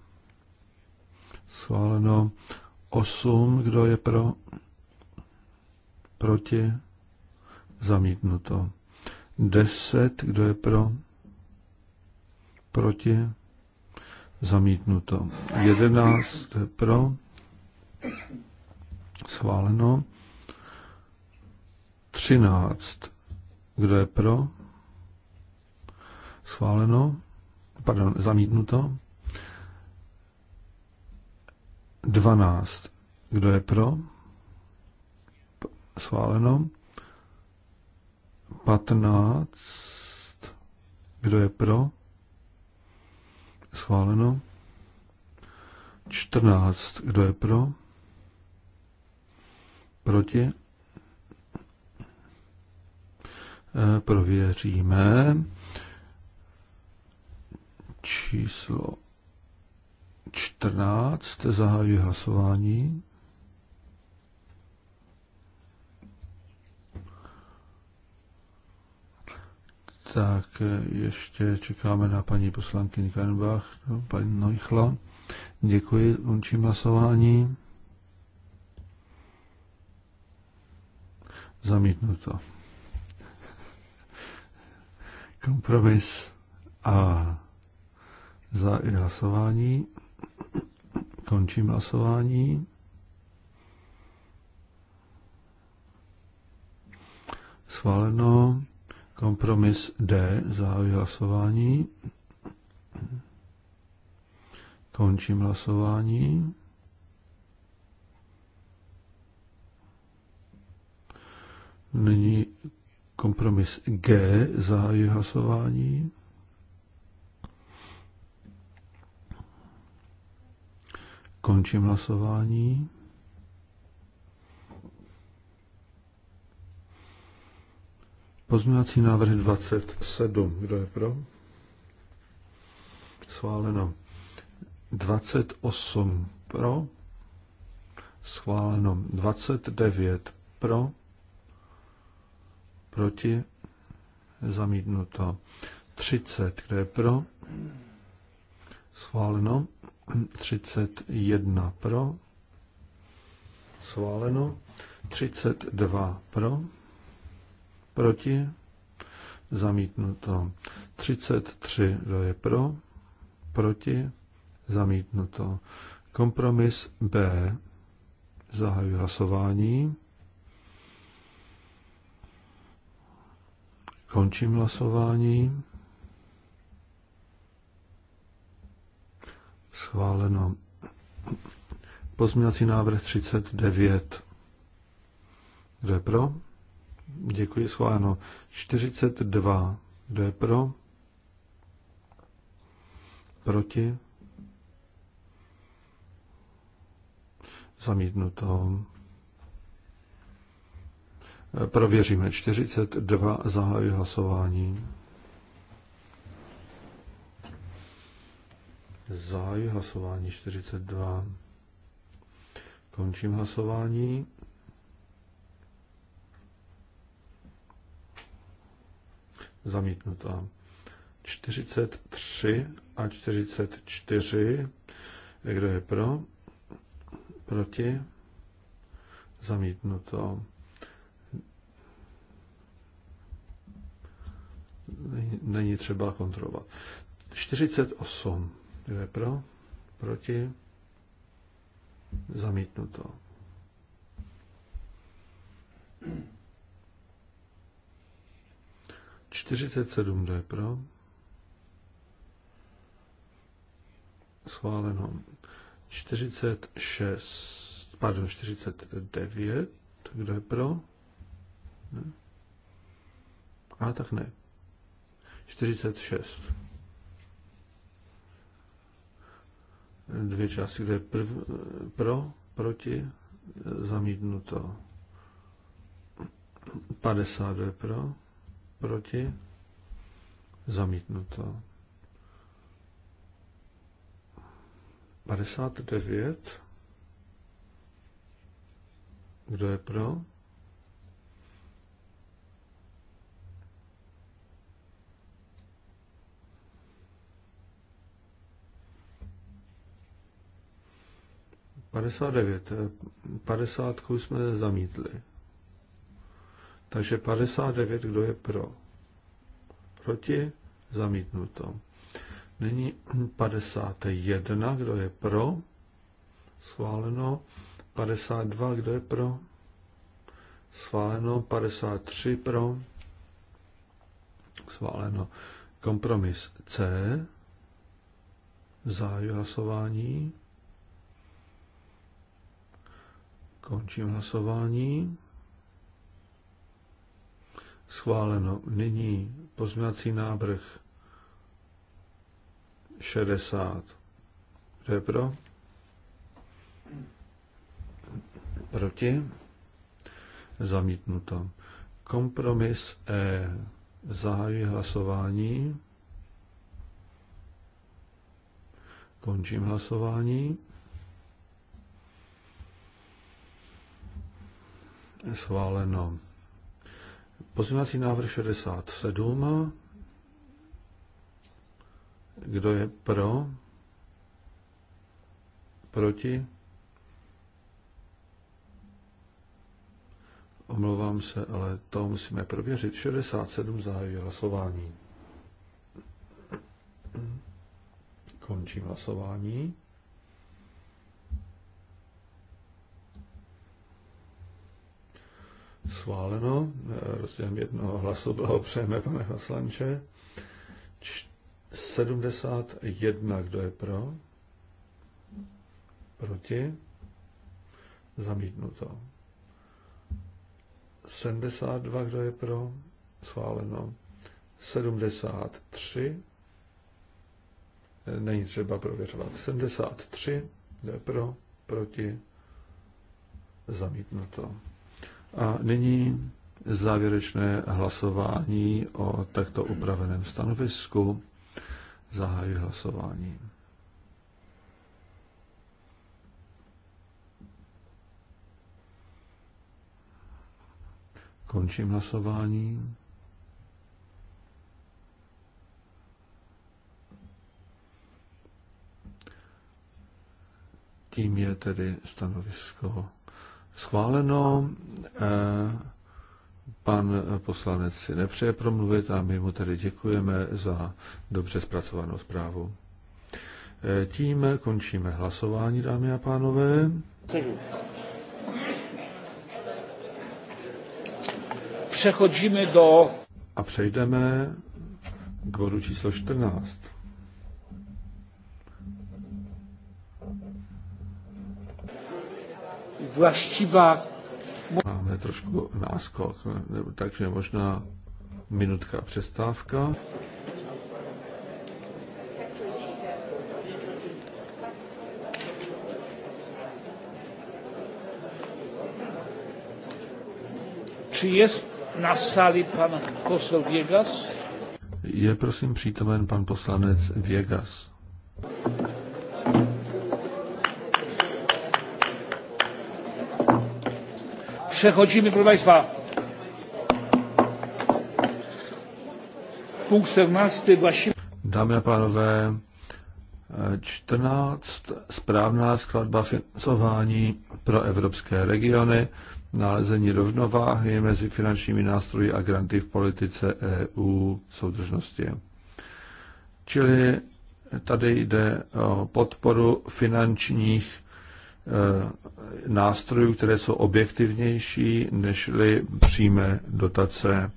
Schváleno. 8. Kdo je pro? Proti? Zamítnuto. 10, kdo je pro, proti, zamítnuto. 11, kdo je pro, schváleno. 13, kdo je pro, schváleno, pardon, zamítnuto. 12, kdo je pro, schváleno. 15. Kdo je pro? Schváleno. 14. Kdo je pro? Proti? E, prověříme. Číslo 14. Zahajuji hlasování. Tak ještě čekáme na paní poslankyni Karenbach, no, paní Neuchla. Děkuji, končím hlasování. Zamítnuto. Kompromis a za i hlasování. Končím hlasování. Schváleno. Kompromis D, zahájí hlasování. Končím hlasování. Nyní kompromis G, zahájí hlasování. Končím hlasování. Pozměňovací návrh 27. Kdo je pro? Schváleno. 28 pro. Schváleno. 29 pro. Proti. Zamítnuto. 30. Kdo je pro? Schváleno. 31 pro. Schváleno. 32 pro Proti? Zamítnuto. 33. Kdo je pro? Proti? Zamítnuto. Kompromis B. Zahajuji hlasování. Končím hlasování. Schváleno. Pozměňovací návrh 39. Kdo je pro? Děkuji, schváleno. 42. Kdo je pro? Proti? Zamítnuto. Prověříme. 42. Zahájí hlasování. Zahájí hlasování 42. Končím hlasování. zamítnuta. 43 a 44, kdo je pro, proti, zamítnuto. Není, není třeba kontrolovat. 48, kdo je pro, proti, zamítnuto. 47, kdo je pro? Schváleno. 46, pardon, 49, kdo je pro? Ne. A tak ne. 46. Dvě části, kde je prv, pro, proti, zamítnuto. 50 je pro, proti, zamítnuto. 59. Kdo je pro? Padesát devět. Padesátku jsme zamítli. Takže 59, kdo je pro? Proti? Zamítnuto. Nyní 51, kdo je pro? Schváleno. 52, kdo je pro? Schváleno. 53 pro? Schváleno. Kompromis C. Zahajuji hlasování. Končím hlasování. Schváleno. Nyní pozměnací návrh 60. Kdo je pro? Proti? Zamítnuto. Kompromis E. Zahajuji hlasování. Končím hlasování. Schváleno. Pozměňovací návrh 67. Kdo je pro? Proti? Omlouvám se, ale to musíme prověřit. 67 zahajuje hlasování. Končím hlasování. Sváleno. Eh, Rozdělem jednoho hlasu přejeme, pane Haslanče. 71, kdo je pro? Proti? Zamítnuto. 72, kdo je pro? Sváleno. 73, eh, není třeba prověřovat. 73, kdo je pro? Proti? Zamítnuto. A nyní závěrečné hlasování o takto upraveném stanovisku. Zahájí hlasování. Končím hlasování. Tím je tedy stanovisko Schváleno. Eh, pan poslanec si nepřeje promluvit a my mu tedy děkujeme za dobře zpracovanou zprávu. Eh, tím končíme hlasování, dámy a pánové. Přechodíme do... A přejdeme k bodu číslo 14. właściwa... Máme trošku náskok, takže možná minutka přestávka. Czy jest na sali pan poseł Viegas? Je prosím přítomen pan poslanec Viegas. Przechodzimy, proszę Państwa. Punkt 14. Właściwe... Dámy a pánové, 14. Správná skladba financování pro evropské regiony, nalezení rovnováhy mezi finančními nástroji a granty v politice EU soudržnosti. Čili tady jde o podporu finančních Eh, nástrojů, které jsou objektivnější nežli přímé dotace.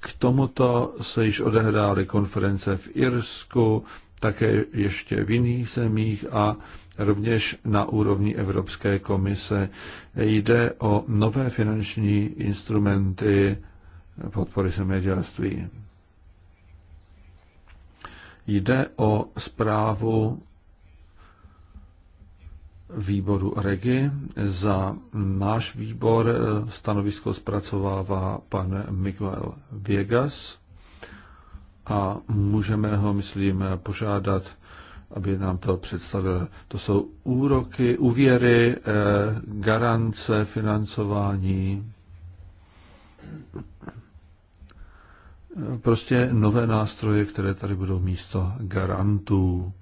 K tomuto se již odehrály konference v Irsku, také ještě v jiných zemích a rovněž na úrovni Evropské komise. Jde o nové finanční instrumenty podpory zemědělství. Jde o zprávu výboru REGI. Za náš výbor eh, stanovisko zpracovává pan Miguel Viegas a můžeme ho, myslím, požádat, aby nám to představil. To jsou úroky, úvěry, eh, garance, financování, eh, prostě nové nástroje, které tady budou místo garantů.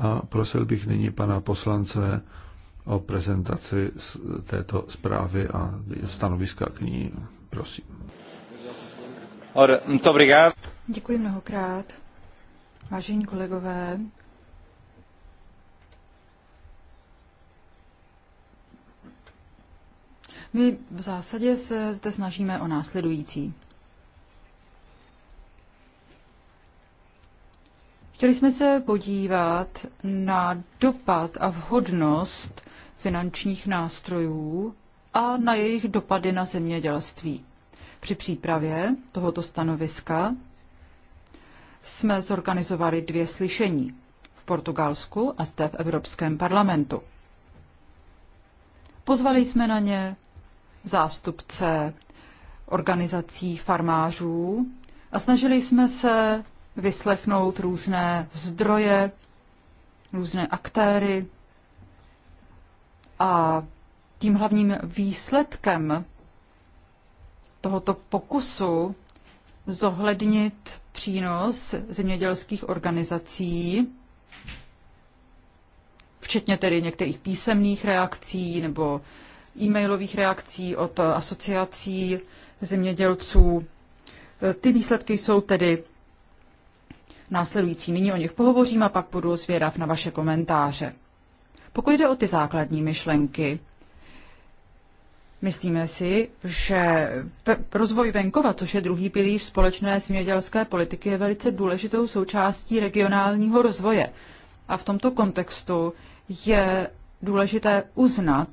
A prosil bych nyní pana poslance o prezentaci této zprávy a stanoviska k ní. Prosím. Děkuji mnohokrát. Vážení kolegové, My v zásadě se zde snažíme o následující. Chtěli jsme se podívat na dopad a vhodnost finančních nástrojů a na jejich dopady na zemědělství. Při přípravě tohoto stanoviska jsme zorganizovali dvě slyšení v Portugalsku a zde v Evropském parlamentu. Pozvali jsme na ně zástupce organizací farmářů a snažili jsme se vyslechnout různé zdroje, různé aktéry. A tím hlavním výsledkem tohoto pokusu zohlednit přínos zemědělských organizací, včetně tedy některých písemných reakcí nebo e-mailových reakcí od asociací zemědělců. Ty výsledky jsou tedy následující. Nyní o nich pohovořím a pak budu zvědav na vaše komentáře. Pokud jde o ty základní myšlenky, Myslíme si, že rozvoj venkova, což je druhý pilíř společné zemědělské politiky, je velice důležitou součástí regionálního rozvoje. A v tomto kontextu je důležité uznat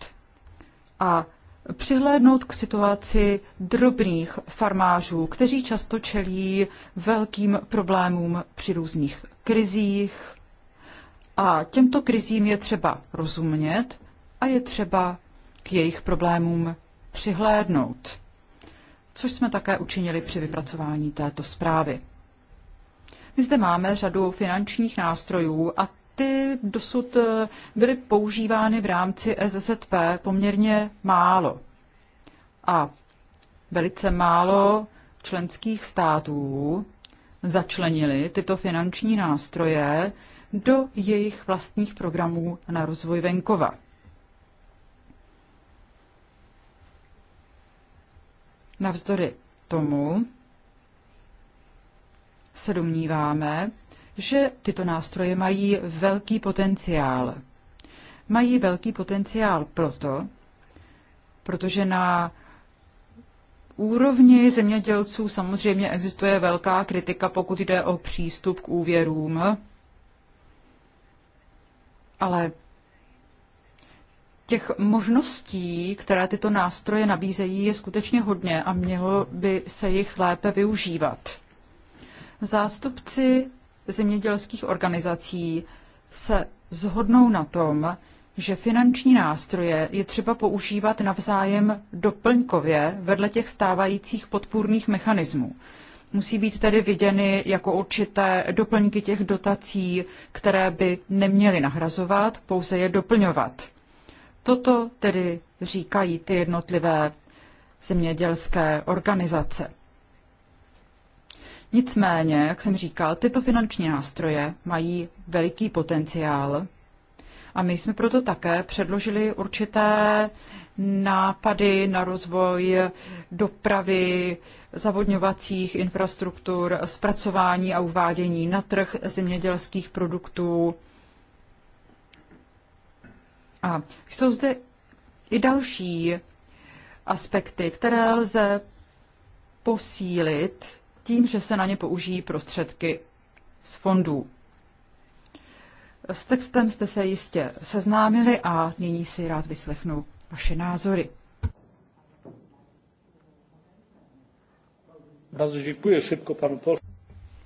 a přihlédnout k situaci drobných farmářů, kteří často čelí velkým problémům při různých krizích. A těmto krizím je třeba rozumět a je třeba k jejich problémům přihlédnout, což jsme také učinili při vypracování této zprávy. My zde máme řadu finančních nástrojů a ty dosud eh, byly používány v rámci SZP poměrně málo. A velice málo členských států začlenili tyto finanční nástroje do jejich vlastních programů na rozvoj venkova. Navzdory tomu se domníváme, že tyto nástroje mají velký potenciál. Mají velký potenciál proto, protože na úrovni zemědělců samozřejmě existuje velká kritika, pokud jde o přístup k úvěrům, ale těch možností, které tyto nástroje nabízejí, je skutečně hodně a mělo by se jich lépe využívat. Zástupci zemědělských organizací se zhodnou na tom, že finanční nástroje je třeba používat navzájem doplňkově vedle těch stávajících podpůrných mechanismů. Musí být tedy viděny jako určité doplňky těch dotací, které by neměly nahrazovat, pouze je doplňovat. Toto tedy říkají ty jednotlivé zemědělské organizace. Nicméně, jak jsem říkal, tyto finanční nástroje mají veliký potenciál a my jsme proto také předložili určité nápady na rozvoj dopravy, zavodňovacích infrastruktur, zpracování a uvádění na trh zemědělských produktů. A jsou zde i další aspekty, které lze posílit tím, že se na ně použijí prostředky z fondů. S textem jste se jistě seznámili a nyní si rád vyslechnu vaše názory. děkuji,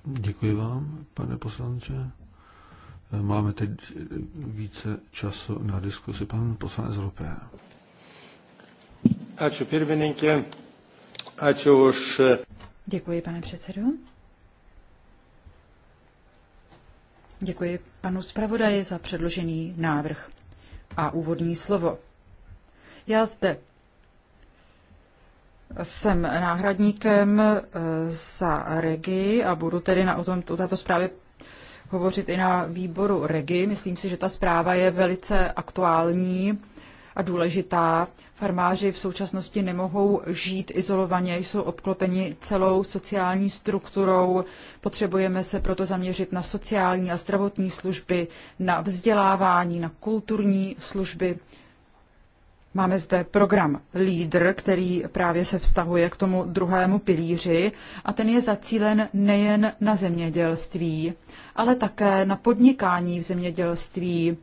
Děkuji vám, pane poslanče. Máme teď více času na diskusi. Pan poslanec Lopé. Ačo pirmininkė, ačo už Děkuji, pane předsedo. Děkuji panu zpravodaji za předložený návrh a úvodní slovo. Já zde jsem náhradníkem eh, za Regi a budu tedy na, o, tom, o této zprávě hovořit i na výboru Regi. Myslím si, že ta zpráva je velice aktuální a důležitá. Farmáři v současnosti nemohou žít izolovaně, jsou obklopeni celou sociální strukturou. Potřebujeme se proto zaměřit na sociální a zdravotní služby, na vzdělávání, na kulturní služby. Máme zde program LEADER, který právě se vztahuje k tomu druhému pilíři a ten je zacílen nejen na zemědělství, ale také na podnikání v zemědělství,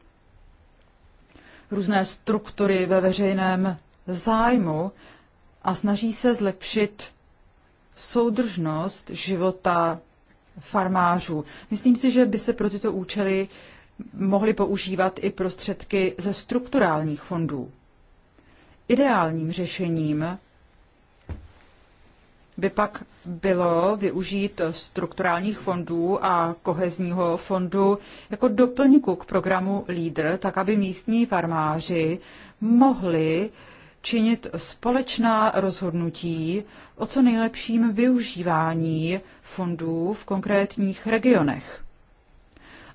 různé struktury ve veřejném zájmu a snaží se zlepšit soudržnost života farmářů. Myslím si, že by se pro tyto účely mohly používat i prostředky ze strukturálních fondů. Ideálním řešením by pak bylo využít strukturálních fondů a kohezního fondu jako doplňku k programu LEADER, tak aby místní farmáři mohli činit společná rozhodnutí o co nejlepším využívání fondů v konkrétních regionech.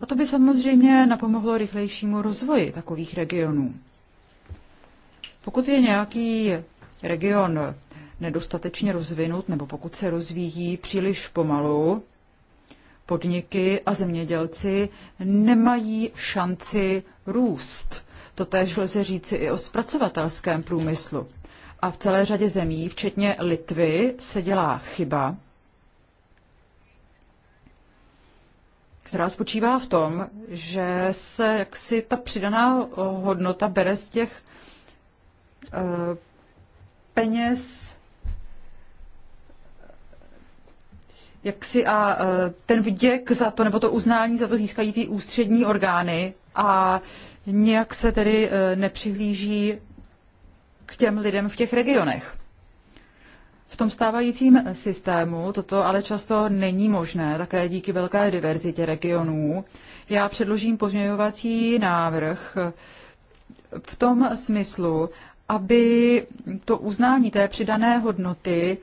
A to by samozřejmě napomohlo rychlejšímu rozvoji takových regionů. Pokud je nějaký region nedostatečně rozvinut, nebo pokud se rozvíjí příliš pomalu, podniky a zemědělci nemají šanci růst. Totéž lze říci i o zpracovatelském průmyslu. A v celé řadě zemí, včetně Litvy, se dělá chyba, která spočívá v tom, že se jaksi ta přidaná hodnota bere z těch eh, peněz jak si a e, ten vděk za to, nebo to uznání za to získají ty ústřední orgány a nějak se tedy e, nepřihlíží k těm lidem v těch regionech. V tom stávajícím systému toto ale často není možné, také díky velké diverzitě regionů. Já předložím pozměňovací návrh v tom smyslu, aby to uznání té přidané hodnoty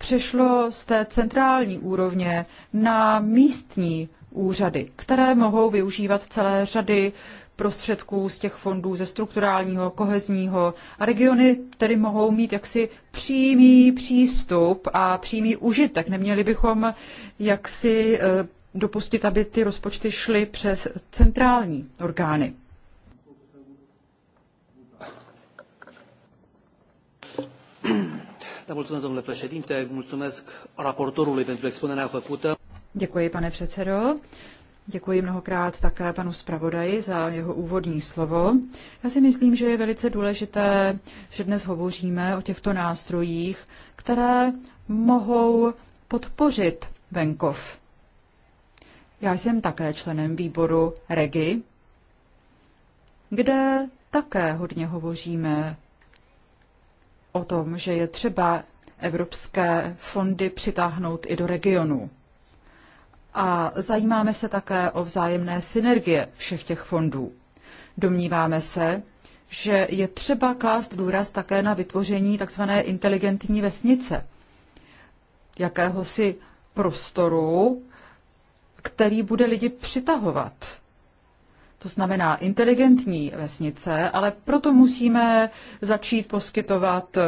přešlo z té centrální úrovně na místní úřady, které mohou využívat celé řady prostředků z těch fondů ze strukturálního, kohezního a regiony tedy mohou mít jaksi přímý přístup a přímý užitek. Neměli bychom jaksi eh, dopustit, aby ty rozpočty šly přes centrální orgány. mulțumesc, domnule președinte, mulțumesc raportorului pentru expunerea făcută. Děkuji, pane předsedo. Děkuji mnohokrát také panu zpravodaji za jeho úvodní slovo. Já si myslím, že je velice důležité, že dnes hovoříme o těchto nástrojích, které mohou podpořit venkov. Já jsem také členem výboru REGI, kde také hodně hovoříme o tom, že je třeba evropské fondy přitáhnout i do regionů. A zajímáme se také o vzájemné synergie všech těch fondů. Domníváme se, že je třeba klást důraz také na vytvoření tzv. inteligentní vesnice, jakéhosi prostoru, který bude lidi přitahovat to znamená inteligentní vesnice, ale proto musíme začít poskytovat eh,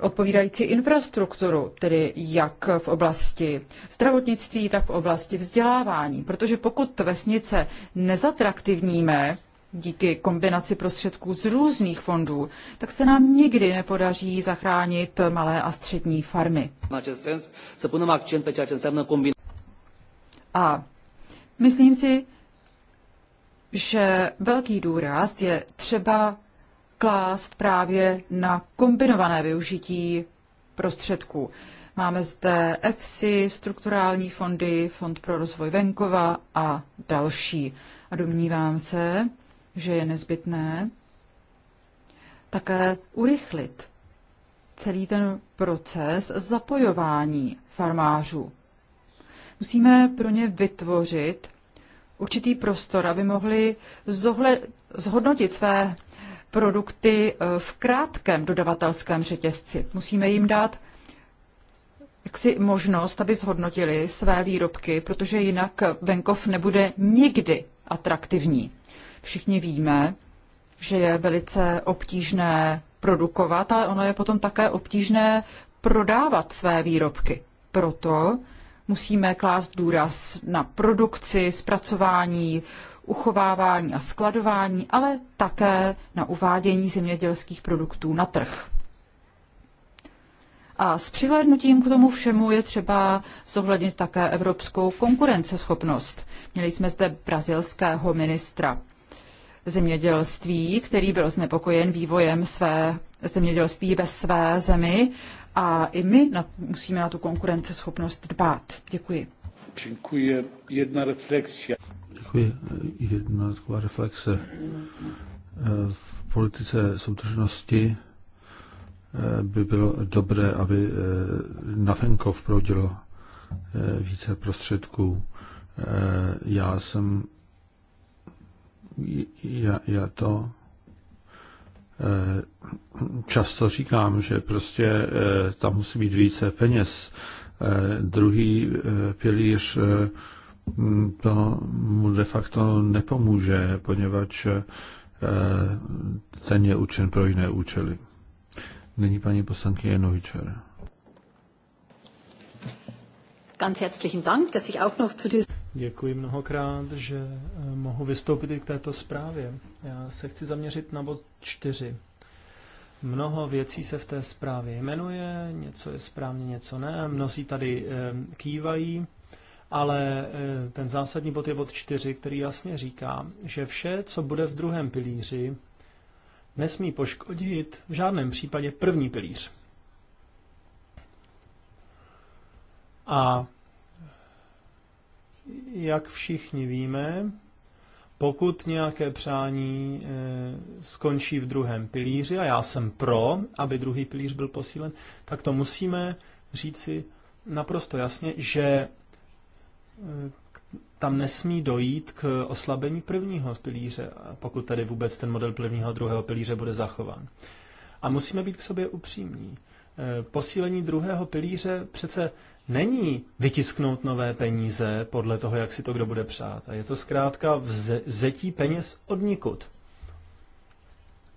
odpovídající infrastrukturu, tedy jak v oblasti zdravotnictví, tak v oblasti vzdělávání. Protože pokud vesnice nezatraktivníme díky kombinaci prostředků z různých fondů, tak se nám nikdy nepodaří zachránit malé a střední farmy. A myslím si, že velký důraz je třeba klást právě na kombinované využití prostředků. Máme zde EFSI, strukturální fondy, Fond pro rozvoj venkova a další. A domnívám se, že je nezbytné také urychlit celý ten proces zapojování farmářů. Musíme pro ně vytvořit určitý prostor, aby mohli zohle, zhodnotit své produkty eh, v krátkém dodavatelském řetězci. Musíme jim dát jaksi možnost, aby zhodnotili své výrobky, protože jinak venkov nebude nikdy atraktivní. Všichni víme, že je velice obtížné produkovat, ale ono je potom také obtížné prodávat své výrobky. Proto Musíme klást důraz na produkci, zpracování, uchovávání a skladování, ale také na uvádění zemědělských produktů na trh. A s přihlédnutím k tomu všemu je třeba zohlednit také evropskou konkurenceschopnost. Měli jsme zde brazilského ministra zemědělství, který byl znepokojen vývojem své zemědělství ve své zemi a i my na, musíme na tu konkurenceschopnost dbát. Děkuji. Děkuji. Jedna reflexia. Děkuji. Jedna taková reflexe. V politice soudržnosti eh, by bylo dobré, aby eh, na venkov proudilo eh, více prostředků. Já jsem já, já to Eh, často říkám, že prostě eh, tam musí být více peněz. Eh, druhý pilíř to mu de facto nepomůže, poněvadž ten je učen pro jiné účely. Nyní paní poslankyně Nohičer. Ganz herzlichen Dank, dass ich auch noch zu diesem Děkuji mnohokrát, že eh, mohu vystoupit i k této zprávě. Já se chci zaměřit na bod 4. Mnoho věcí se v té zprávě jmenuje, něco je správně, něco ne. Mnozí tady eh, kývají, ale eh, ten zásadní bod je bod 4, který jasně říká, že vše, co bude v druhém pilíři, nesmí poškodit v žádném případě první pilíř. A jak všichni víme, pokud nějaké přání eh, skončí v druhém pilíři, a já jsem pro, aby druhý pilíř byl posílen, tak to musíme říci naprosto jasně, že eh, tam nesmí dojít k oslabení prvního pilíře, pokud tedy vůbec ten model prvního a druhého pilíře bude zachován. A musíme být k sobě upřímní. Eh, posílení druhého pilíře přece není vytisknout nové peníze podle toho, jak si to kdo bude přát. A je to zkrátka vzetí peněz nikud.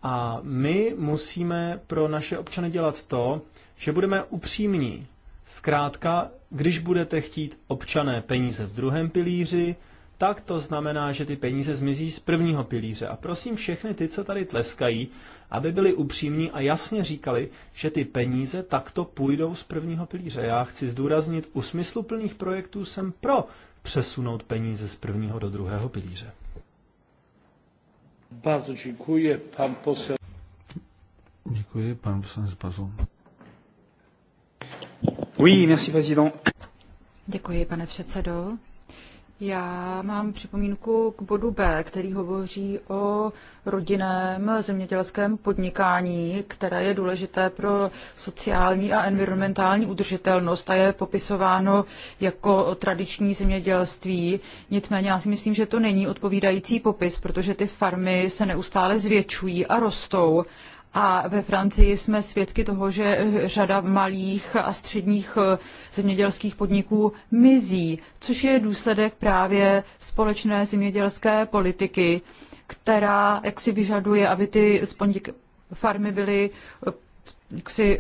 A my musíme pro naše občany dělat to, že budeme upřímní. Zkrátka, když budete chtít občané peníze v druhém pilíři, tak to znamená, že ty peníze zmizí z prvního pilíře. A prosím všechny ty, co tady tleskají, aby byli upřímní a jasně říkali, že ty peníze takto půjdou z prvního pilíře. Já chci zdůraznit, u smysluplných projektů jsem pro přesunout peníze z prvního do druhého pilíře. Bardzo děkuji, pan posel. Děkuji, pan poslanec Bazon. Oui, merci, président. Děkuji, pane předsedo. Já mám připomínku k bodu B, který hovoří o rodinném zemědělském podnikání, které je důležité pro sociální a environmentální udržitelnost a je popisováno jako tradiční zemědělství. Nicméně já si myslím, že to není odpovídající popis, protože ty farmy se neustále zvětšují a rostou a ve Francii jsme svědky toho, že řada malých a středních eh, zemědělských podniků mizí, což je důsledek právě společné zemědělské politiky, která jak si vyžaduje, aby ty farmy byly eh, jaksi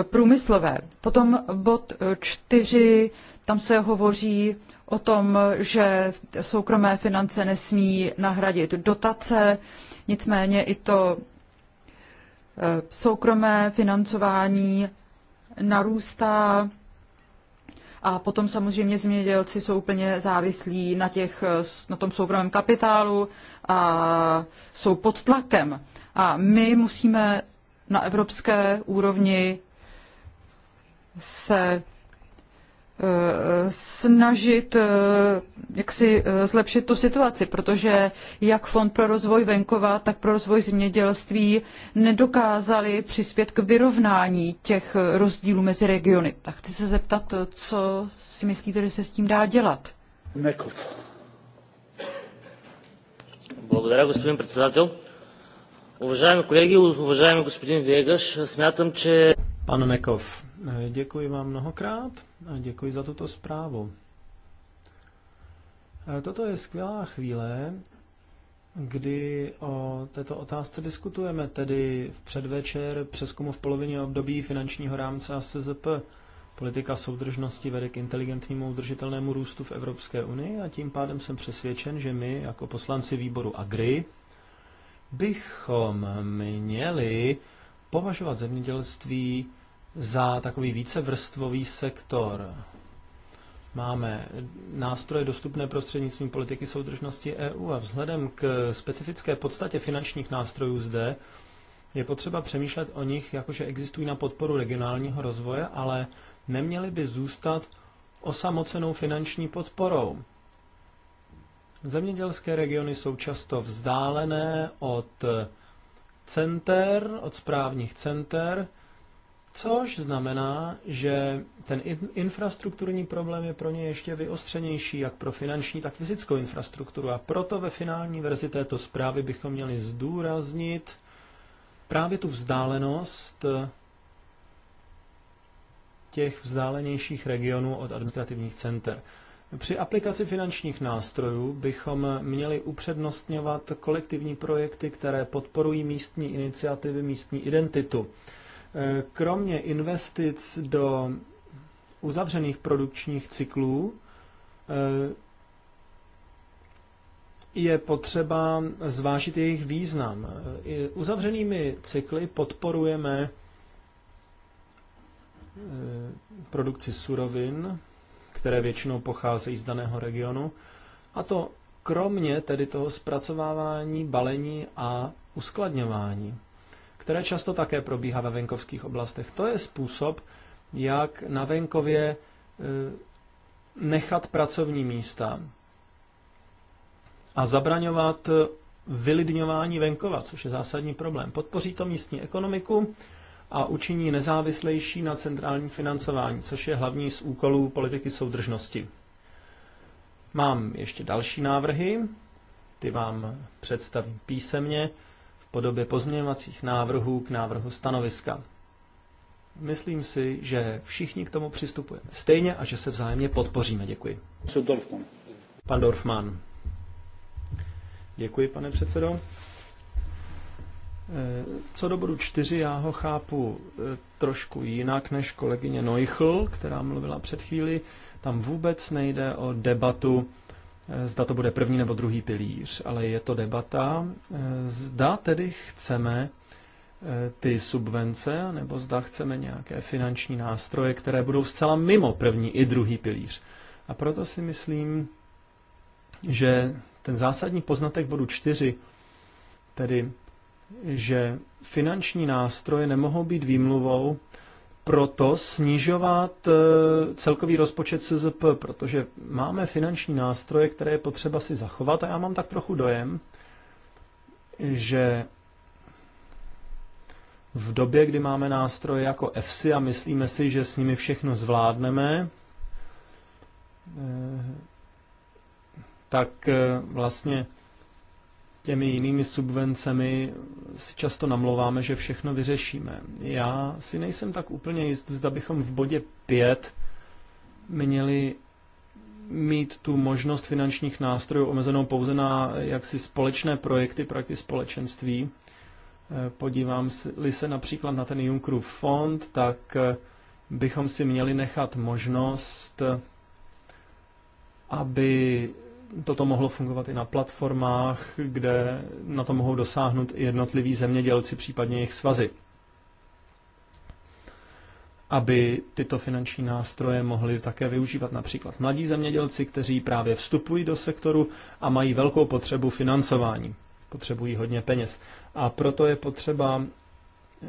eh, průmyslové. Potom bod čtyři, tam se hovoří o tom, že soukromé finance nesmí nahradit dotace, nicméně i to Eh, soukromé financování narůstá a potom samozřejmě zemědělci jsou úplně závislí na, těch, eh, na tom soukromém kapitálu a jsou pod tlakem. A my musíme na evropské úrovni se snažit eh, jak si eh, zlepšit tu situaci, protože jak Fond pro rozvoj venkova, tak pro rozvoj zemědělství nedokázali přispět k vyrovnání těch eh, rozdílů mezi regiony. Tak chci se zeptat, co si myslíte, že se s tím dá dělat? Nekov. Благодаря, господин председател. Уважаеми колеги, уважаеми господин Вегаш, смятам, че... Пан Неков, Děkuji vám mnohokrát a děkuji za tuto zprávu. E, toto je skvělá chvíle, kdy o této otázce diskutujeme, tedy v předvečer přeskumu v polovině období finančního rámce a SZP. Politika soudržnosti vede k inteligentnímu udržitelnému růstu v Evropské unii a tím pádem jsem přesvědčen, že my jako poslanci výboru Agri bychom měli považovat zemědělství za takový vícevrstvový sektor. Máme nástroje dostupné prostřednictvím politiky soudržnosti EU a vzhledem k specifické podstatě finančních nástrojů zde je potřeba přemýšlet o nich, jakože existují na podporu regionálního rozvoje, ale neměly by zůstat osamocenou finanční podporou. Zemědělské regiony jsou často vzdálené od center, od správních center, Což znamená, že ten infrastrukturní problém je pro ně ještě vyostřenější, jak pro finanční, tak fyzickou infrastrukturu. A proto ve finální verzi této zprávy bychom měli zdůraznit právě tu vzdálenost eh, těch vzdálenějších regionů od administrativních center. Při aplikaci finančních nástrojů bychom měli upřednostňovat kolektivní projekty, které podporují místní iniciativy, místní identitu Eh, kromě investic do uzavřených produkčních cyklů eh, je potřeba zvážit jejich význam. Eh, uzavřenými cykly podporujeme produkci surovin, které většinou pocházejí z daného regionu, a to kromě tedy toho zpracovávání, balení a uskladňování které často také probíhá ve venkovských oblastech. To je způsob, jak na venkově e, nechat pracovní místa a zabraňovat e, vylidňování venkova, což je zásadní problém. Podpoří to místní ekonomiku a učiní nezávislejší na centrální financování, což je hlavní z úkolů politiky soudržnosti. Mám ještě další návrhy, ty vám představím písemně podobě pozměňovacích návrhů k návrhu stanoviska. Myslím si, že všichni k tomu přistupujeme stejně a že se vzájemně podpoříme. Děkuji. Pan Dorfman. Děkuji, pane předsedo. Eh, co do bodu čtyři, já ho chápu eh, trošku jinak než kolegyně Neuchl, která mluvila před chvíli. Tam vůbec nejde o debatu zda to bude první nebo druhý pilíř, ale je to debata, zda tedy chceme eh, ty subvence, nebo zda chceme nějaké finanční nástroje, které budou zcela mimo první i druhý pilíř. A proto si myslím, že ten zásadní poznatek bodu 4, tedy že finanční nástroje nemohou být výmluvou proto snižovat eh, celkový rozpočet SZP, protože máme finanční nástroje, které je potřeba si zachovat a já mám tak trochu dojem, že v době, kdy máme nástroje jako EFSI a myslíme si, že s nimi všechno zvládneme, eh, tak eh, vlastně těmi jinými subvencemi si často namlouváme, že všechno vyřešíme. Já si nejsem tak úplně jist, zda bychom v bodě 5 měli mít tu možnost finančních nástrojů omezenou pouze na jaksi společné projekty, projekty společenství. Eh, podívám-li se například na ten Junckerův fond, tak eh, bychom si měli nechat možnost, aby toto mohlo fungovat i na platformách, kde na to mohou dosáhnout i jednotliví zemědělci, případně jejich svazy. Aby tyto finanční nástroje mohli také využívat například mladí zemědělci, kteří právě vstupují do sektoru a mají velkou potřebu financování. Potřebují hodně peněz. A proto je potřeba eh,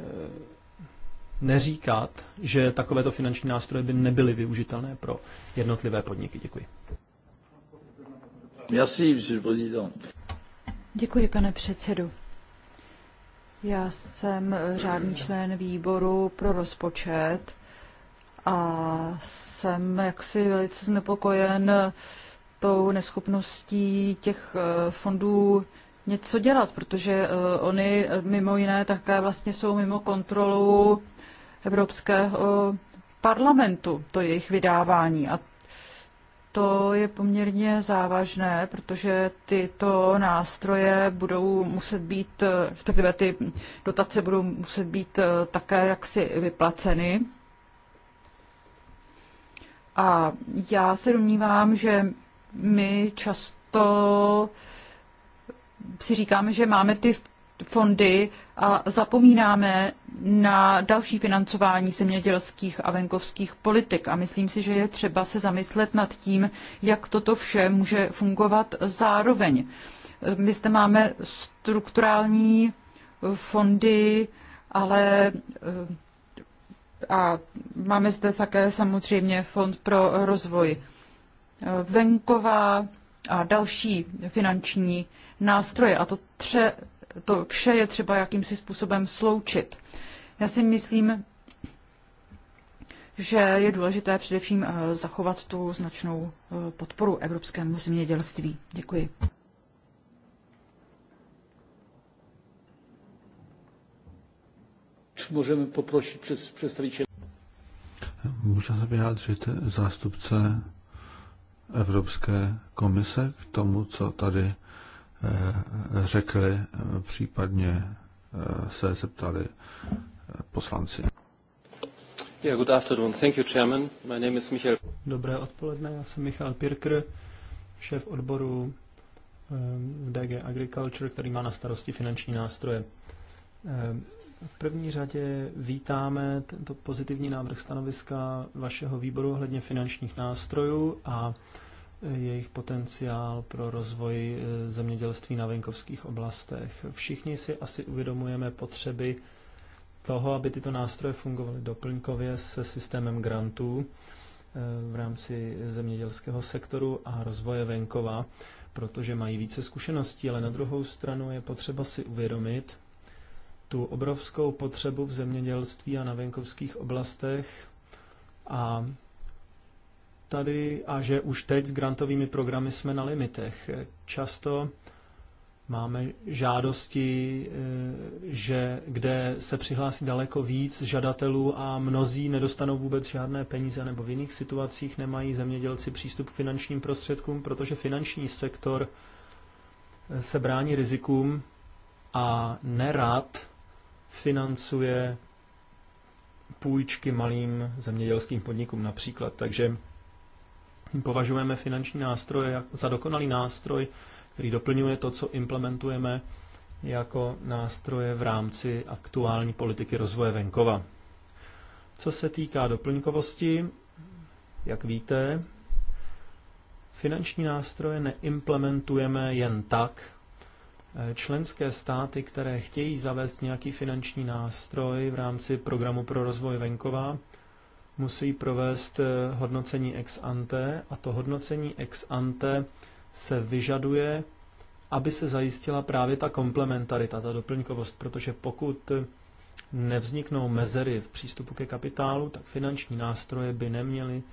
neříkat, že takovéto finanční nástroje by nebyly využitelné pro jednotlivé podniky. Děkuji. Merci, monsieur le président. Děkuji, pane předsedu. Já jsem eh, řádný člen výboru pro rozpočet a jsem jaksi velice znepokojen eh, tou neschopností těch eh, fondů něco dělat, protože oni mimo jiné také vlastně jsou mimo kontrolu Evropského parlamentu, to jejich vydávání. A to je poměrně závažné, protože tyto nástroje budou muset být, respektive ty dotace budou muset být eh, také jaksi vyplaceny. A já se domnívám, že my často si říkáme, že máme ty fondy a zapomínáme na další financování zemědělských a venkovských politik. A myslím si, že je třeba se zamyslet nad tím, jak toto vše může fungovat zároveň. My zde máme strukturální fondy, ale eh, a máme zde také samozřejmě fond pro rozvoj venkova a další finanční nástroje. A to tře, to vše je třeba jakýmsi způsobem sloučit. Já si myslím, že je důležité především eh, zachovat tu značnou eh, podporu evropskému zemědělství. Děkuji. Můžeme poprosit přes przez Můžu se vyjádřit zástupce Evropské komise k tomu, co tady Eh, řekli, eh, případně eh, se zeptali poslanci. Dobré odpoledne, já jsem Michal Pirkr, šéf odboru v DG Agriculture, který má na starosti finanční nástroje. V první řadě vítáme tento pozitivní návrh stanoviska vašeho výboru ohledně finančních nástrojů a jejich potenciál pro rozvoj e, zemědělství na venkovských oblastech. Všichni si asi uvědomujeme potřeby toho, aby tyto nástroje fungovaly doplňkově se systémem grantů e, v rámci zemědělského sektoru a rozvoje venkova, protože mají více zkušeností, ale na druhou stranu je potřeba si uvědomit tu obrovskou potřebu v zemědělství a na venkovských oblastech a tady a že už teď s grantovými programy jsme na limitech. Často máme žádosti, eh, že kde se přihlásí daleko víc žadatelů a mnozí nedostanou vůbec žádné peníze nebo v jiných situacích nemají zemědělci přístup k finančním prostředkům, protože finanční sektor eh, se brání rizikům a nerad financuje půjčky malým zemědělským podnikům například. Takže Považujeme finanční nástroje za dokonalý nástroj, který doplňuje to, co implementujeme jako nástroje v rámci aktuální politiky rozvoje venkova. Co se týká doplňkovosti, jak víte, finanční nástroje neimplementujeme jen tak. Členské státy, které chtějí zavést nějaký finanční nástroj v rámci programu pro rozvoj venkova, musí provést eh, hodnocení ex ante a to hodnocení ex ante se vyžaduje, aby se zajistila právě ta komplementarita, ta doplňkovost, protože pokud nevzniknou mezery v přístupu ke kapitálu, tak finanční nástroje by neměly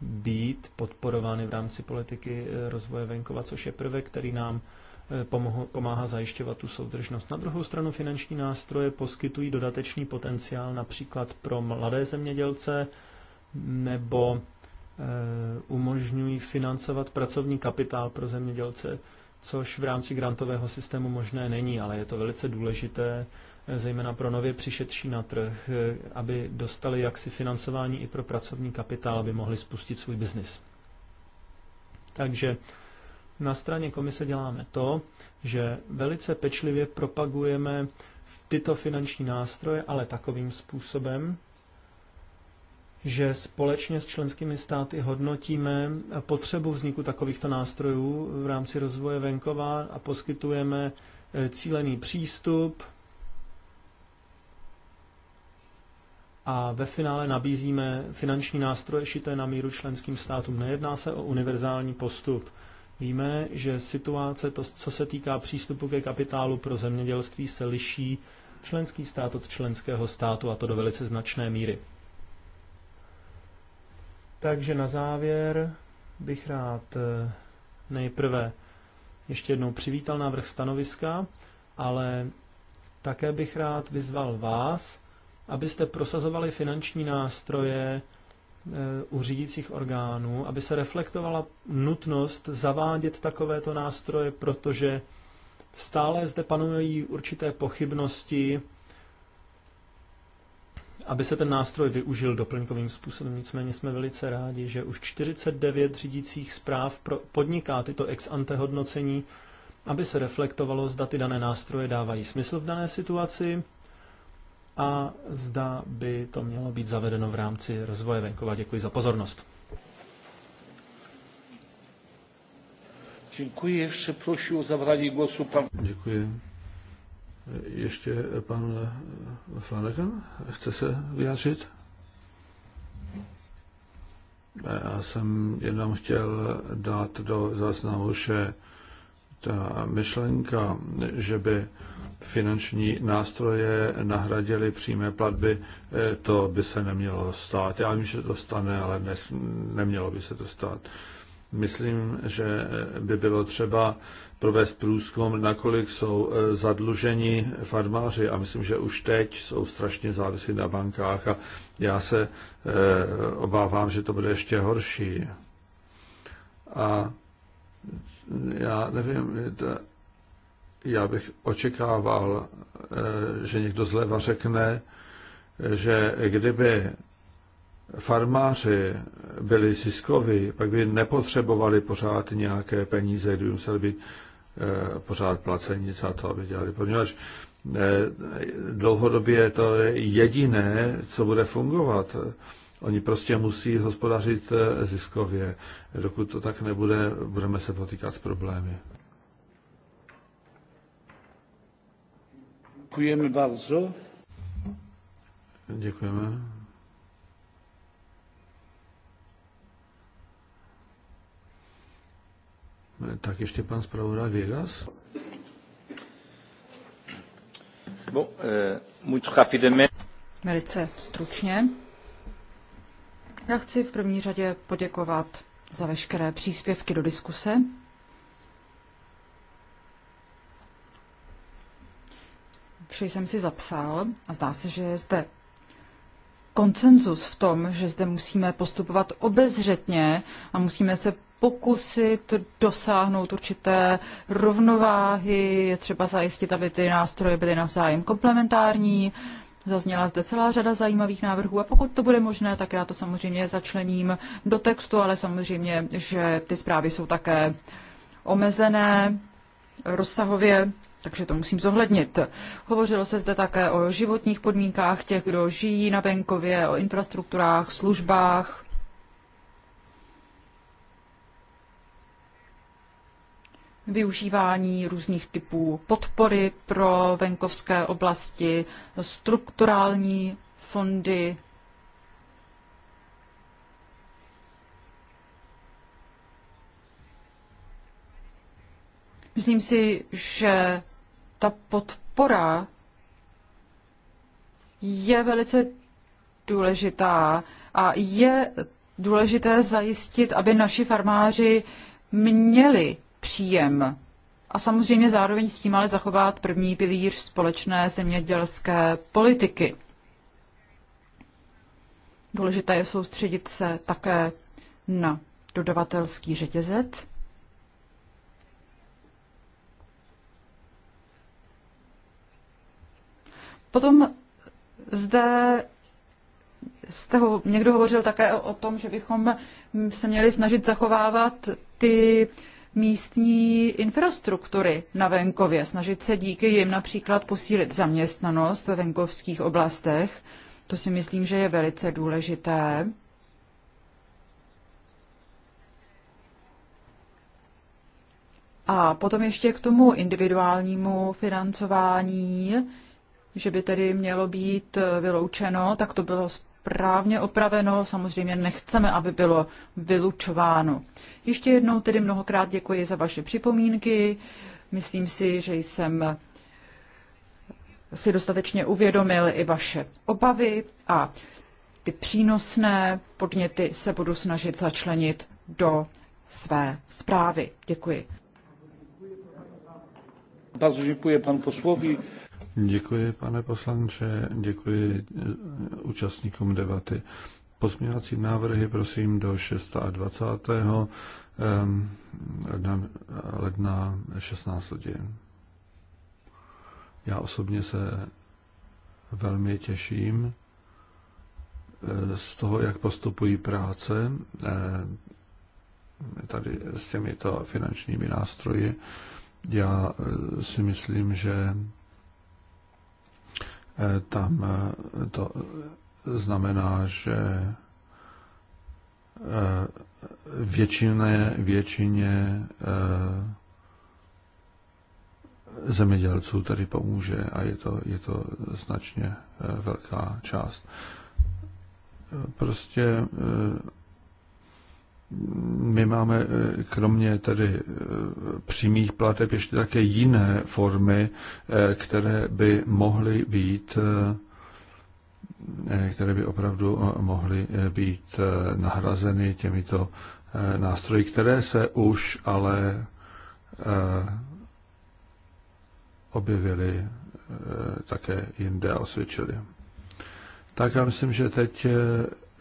být podporovány v rámci politiky eh, rozvoje venkova, což je prvek, který nám Eh, pomáhá zajišťovat tu soudržnost. Na druhou stranu finanční nástroje poskytují dodatečný potenciál například pro mladé zemědělce nebo eh, umožňují financovat pracovní kapitál pro zemědělce, což v rámci grantového systému možné není, ale je to velice důležité, eh, zejména pro nově přišetší na trh, aby dostali jaksi financování i pro pracovní kapitál, aby mohli spustit svůj biznis. Takže na straně komise děláme to, že velice pečlivě propagujeme tyto finanční nástroje, ale takovým způsobem, že společně s členskými státy hodnotíme potřebu vzniku takovýchto nástrojů v rámci rozvoje venkova a poskytujeme eh, cílený přístup a ve finále nabízíme finanční nástroje šité na míru členským státům. Nejedná se o univerzální postup. Víme, že situace, to, co se týká přístupu ke kapitálu pro zemědělství, se liší členský stát od členského státu a to do velice značné míry. Takže na závěr bych rád eh, nejprve ještě jednou přivítal návrh stanoviska, ale také bych rád vyzval vás, abyste prosazovali finanční nástroje, Eh, u řídících orgánů, aby se reflektovala nutnost zavádět takovéto nástroje, protože stále zde panují určité pochybnosti, aby se ten nástroj využil doplňkovým způsobem. Nicméně jsme velice rádi, že už 49 řídících zpráv podniká tyto ex ante hodnocení, aby se reflektovalo, zda ty dané nástroje dávají smysl v dané situaci a zda by to mělo být zavedeno v rámci rozvoje venkova. Děkuji za pozornost. Děkuji. Ještě prosím o zabrání głosu pan... Děkuji. Ještě pan e, Flanagan chce se vyjádřit? Já jsem jenom chtěl dát do záznamu, že ta myšlenka, že by finanční nástroje nahradily přímé platby, eh, to by se nemělo stát. Já vím, že to stane, ale ne, nemělo by se to stát. Myslím, že eh, by bylo třeba provést průzkum, nakolik jsou eh, zadluženi farmáři a myslím, že už teď jsou strašně závislí na bankách a já se obávám, že to bude ještě horší. A já nevím, to, já bych očekával, eh, že někdo zleva řekne, že kdyby farmáři byli ziskoví, pak by nepotřebovali pořád nějaké peníze, kdyby museli být eh, pořád placení za to, aby dělali. Poněvadž eh, dlouhodobě to je jediné, co bude fungovat. Oni prostě musí hospodařit ziskově. Dokud to tak nebude, budeme se potýkat s problémy. Děkujeme bardzo. Děkujeme. Tak ještě pan zpravodaj Vegas. Euh, Velice stručně. Já chci v první řadě poděkovat za veškeré příspěvky do diskuse. Vše jsem si zapsal a zdá se, že je zde koncenzus v tom, že zde musíme postupovat obezřetně a musíme se pokusit dosáhnout určité rovnováhy, je třeba zajistit, aby ty nástroje byly na zájem komplementární. Zazněla zde celá řada zajímavých návrhů a pokud to bude možné, tak já to samozřejmě začlením do textu, ale samozřejmě, že ty zprávy jsou také omezené, rozsahově, takže to musím zohlednit. Hovořilo se zde také o životních podmínkách těch, kdo žijí na venkově, o infrastrukturách, službách. využívání různých typů podpory pro venkovské oblasti, strukturální fondy, Myslím si, že ta podpora je velice důležitá a je důležité zajistit, aby naši farmáři měli příjem a samozřejmě zároveň s tím ale zachovat první pilíř společné zemědělské politiky. Důležité je soustředit se také na dodavatelský řetězec. Potom zde jste ho, někdo hovořil také o tom, že bychom se měli snažit zachovávat ty místní infrastruktury na venkově, snažit se díky jim například posílit zaměstnanost ve venkovských oblastech. To si myslím, že je velice důležité. A potom ještě k tomu individuálnímu financování že by tedy mělo být eh, vyloučeno, tak to bylo správně opraveno. Samozřejmě nechceme, aby bylo vylučováno. Ještě jednou tedy mnohokrát děkuji za vaše připomínky. Myslím si, že jsem si dostatečně uvědomil i vaše obavy a ty přínosné podněty se budu snažit začlenit do své zprávy. Děkuji. Bardzo dziękuję panu posłowi. Děkuji, pane poslanče, děkuji eh, účastníkům debaty. Pozměňovací návrhy prosím do 26. Ehm, ledna 16 hodin. Já osobně se velmi těším eh, z toho, jak postupují práce eh, tady s těmito finančními nástroji. Já si myslím, že Eh, tam eh, to znamená, že eh, většině, většině zemědělců tady pomůže a je to, je to značně velká část. Prostě my máme eh, kromě tedy eh, přímých plateb ještě také jiné formy, eh, které by mohly být které by opravdu mohly být nahrazeny těmito nástroji, které se už ale objevily také jinde a osvědčily. Tak já myslím, že teď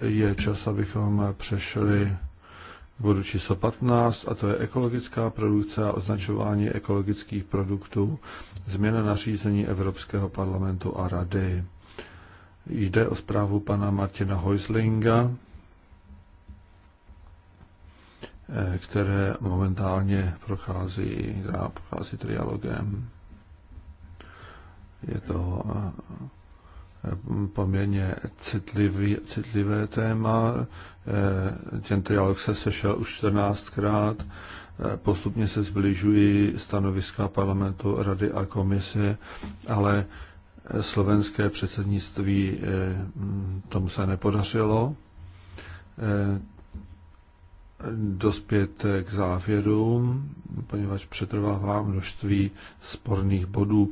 je čas, abychom přešli bodu číslo 15, a to je ekologická produkce a označování ekologických produktů, změna nařízení Evropského parlamentu a rady. Jde o zprávu pana Martina Heuslinga, eh, které momentálně prochází, prochází trialogem. Je to eh, poměrně citlivý, citlivé téma. Eh, ten trialog se sešel už 14krát. Eh, postupně se zbližují stanoviska parlamentu, rady a komise, ale eh, slovenské předsednictví mm, tomu se nepodařilo dospět k závěrům, poněvadž přetrvává množství sporných bodů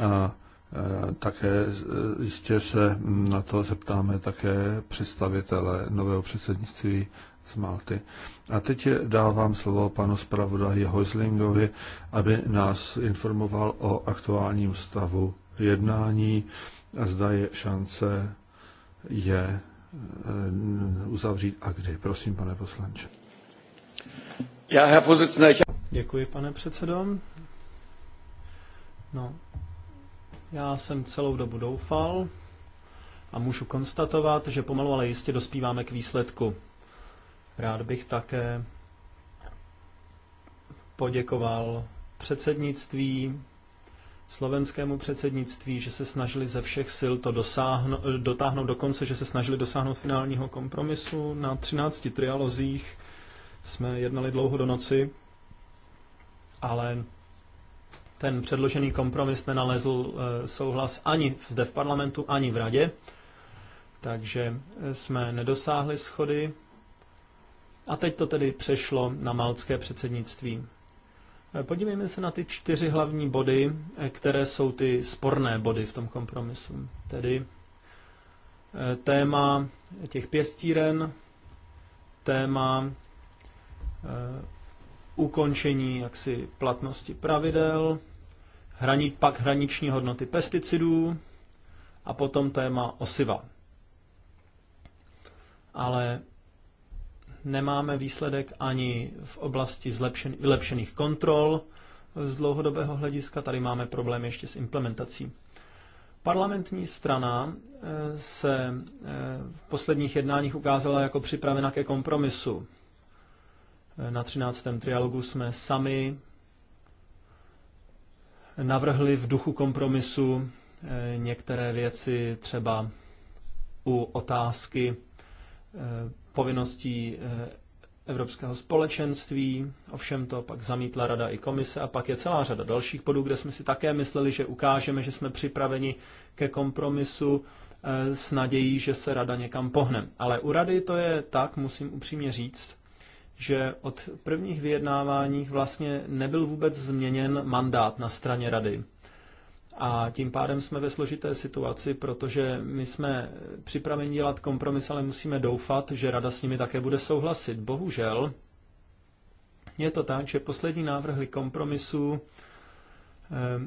a Eh, také eh, jistě se na to zeptáme také představitele nového předsednictví z Malty. A teď dávám slovo panu zpravodaji Hojzlingovi, aby nás informoval o aktuálním stavu jednání a zda je šance je eh, uzavřít a kdy. Prosím, pane poslanče. Já, Herr Děkuji, pane předsedo. No, já jsem celou dobu doufal a můžu konstatovat, že pomalu ale jistě dospíváme k výsledku. Rád bych také poděkoval předsednictví, slovenskému předsednictví, že se snažili ze všech sil to dosáhnout, dotáhnout do konce, že se snažili dosáhnout finálního kompromisu. Na 13 trialozích jsme jednali dlouho do noci, ale ten předložený kompromis nenalezl eh, souhlas ani zde v parlamentu, ani v radě, takže eh, jsme nedosáhli schody. A teď to tedy přešlo na malcké předsednictví. Eh, podívejme se na ty čtyři hlavní body, které jsou ty sporné body v tom kompromisu. Tedy téma těch pěstíren, téma ukončení jaksi platnosti pravidel, hraní, pak hraniční hodnoty pesticidů a potom téma osiva. Ale nemáme výsledek ani v oblasti zlepšen, vylepšených kontrol z dlouhodobého hlediska. Tady máme problém ještě s implementací. Parlamentní strana eh, se eh, v posledních jednáních ukázala jako připravena ke kompromisu. Eh, na 13. trialogu jsme sami navrhli v duchu kompromisu eh, některé věci, třeba u otázky eh, povinností eh, Evropského společenství, ovšem to pak zamítla Rada i komise a pak je celá řada dalších bodů, kde jsme si také mysleli, že ukážeme, že jsme připraveni ke kompromisu s nadějí, že se Rada někam pohne. Ale u Rady to je tak, musím upřímně říct, že od prvních vyjednávání vlastně nebyl vůbec změněn mandát na straně rady. A tím pádem jsme ve složité situaci, protože my jsme připraveni dělat kompromis, ale musíme doufat, že rada s nimi také bude souhlasit. Bohužel je to tak, že poslední návrhy kompromisu eh,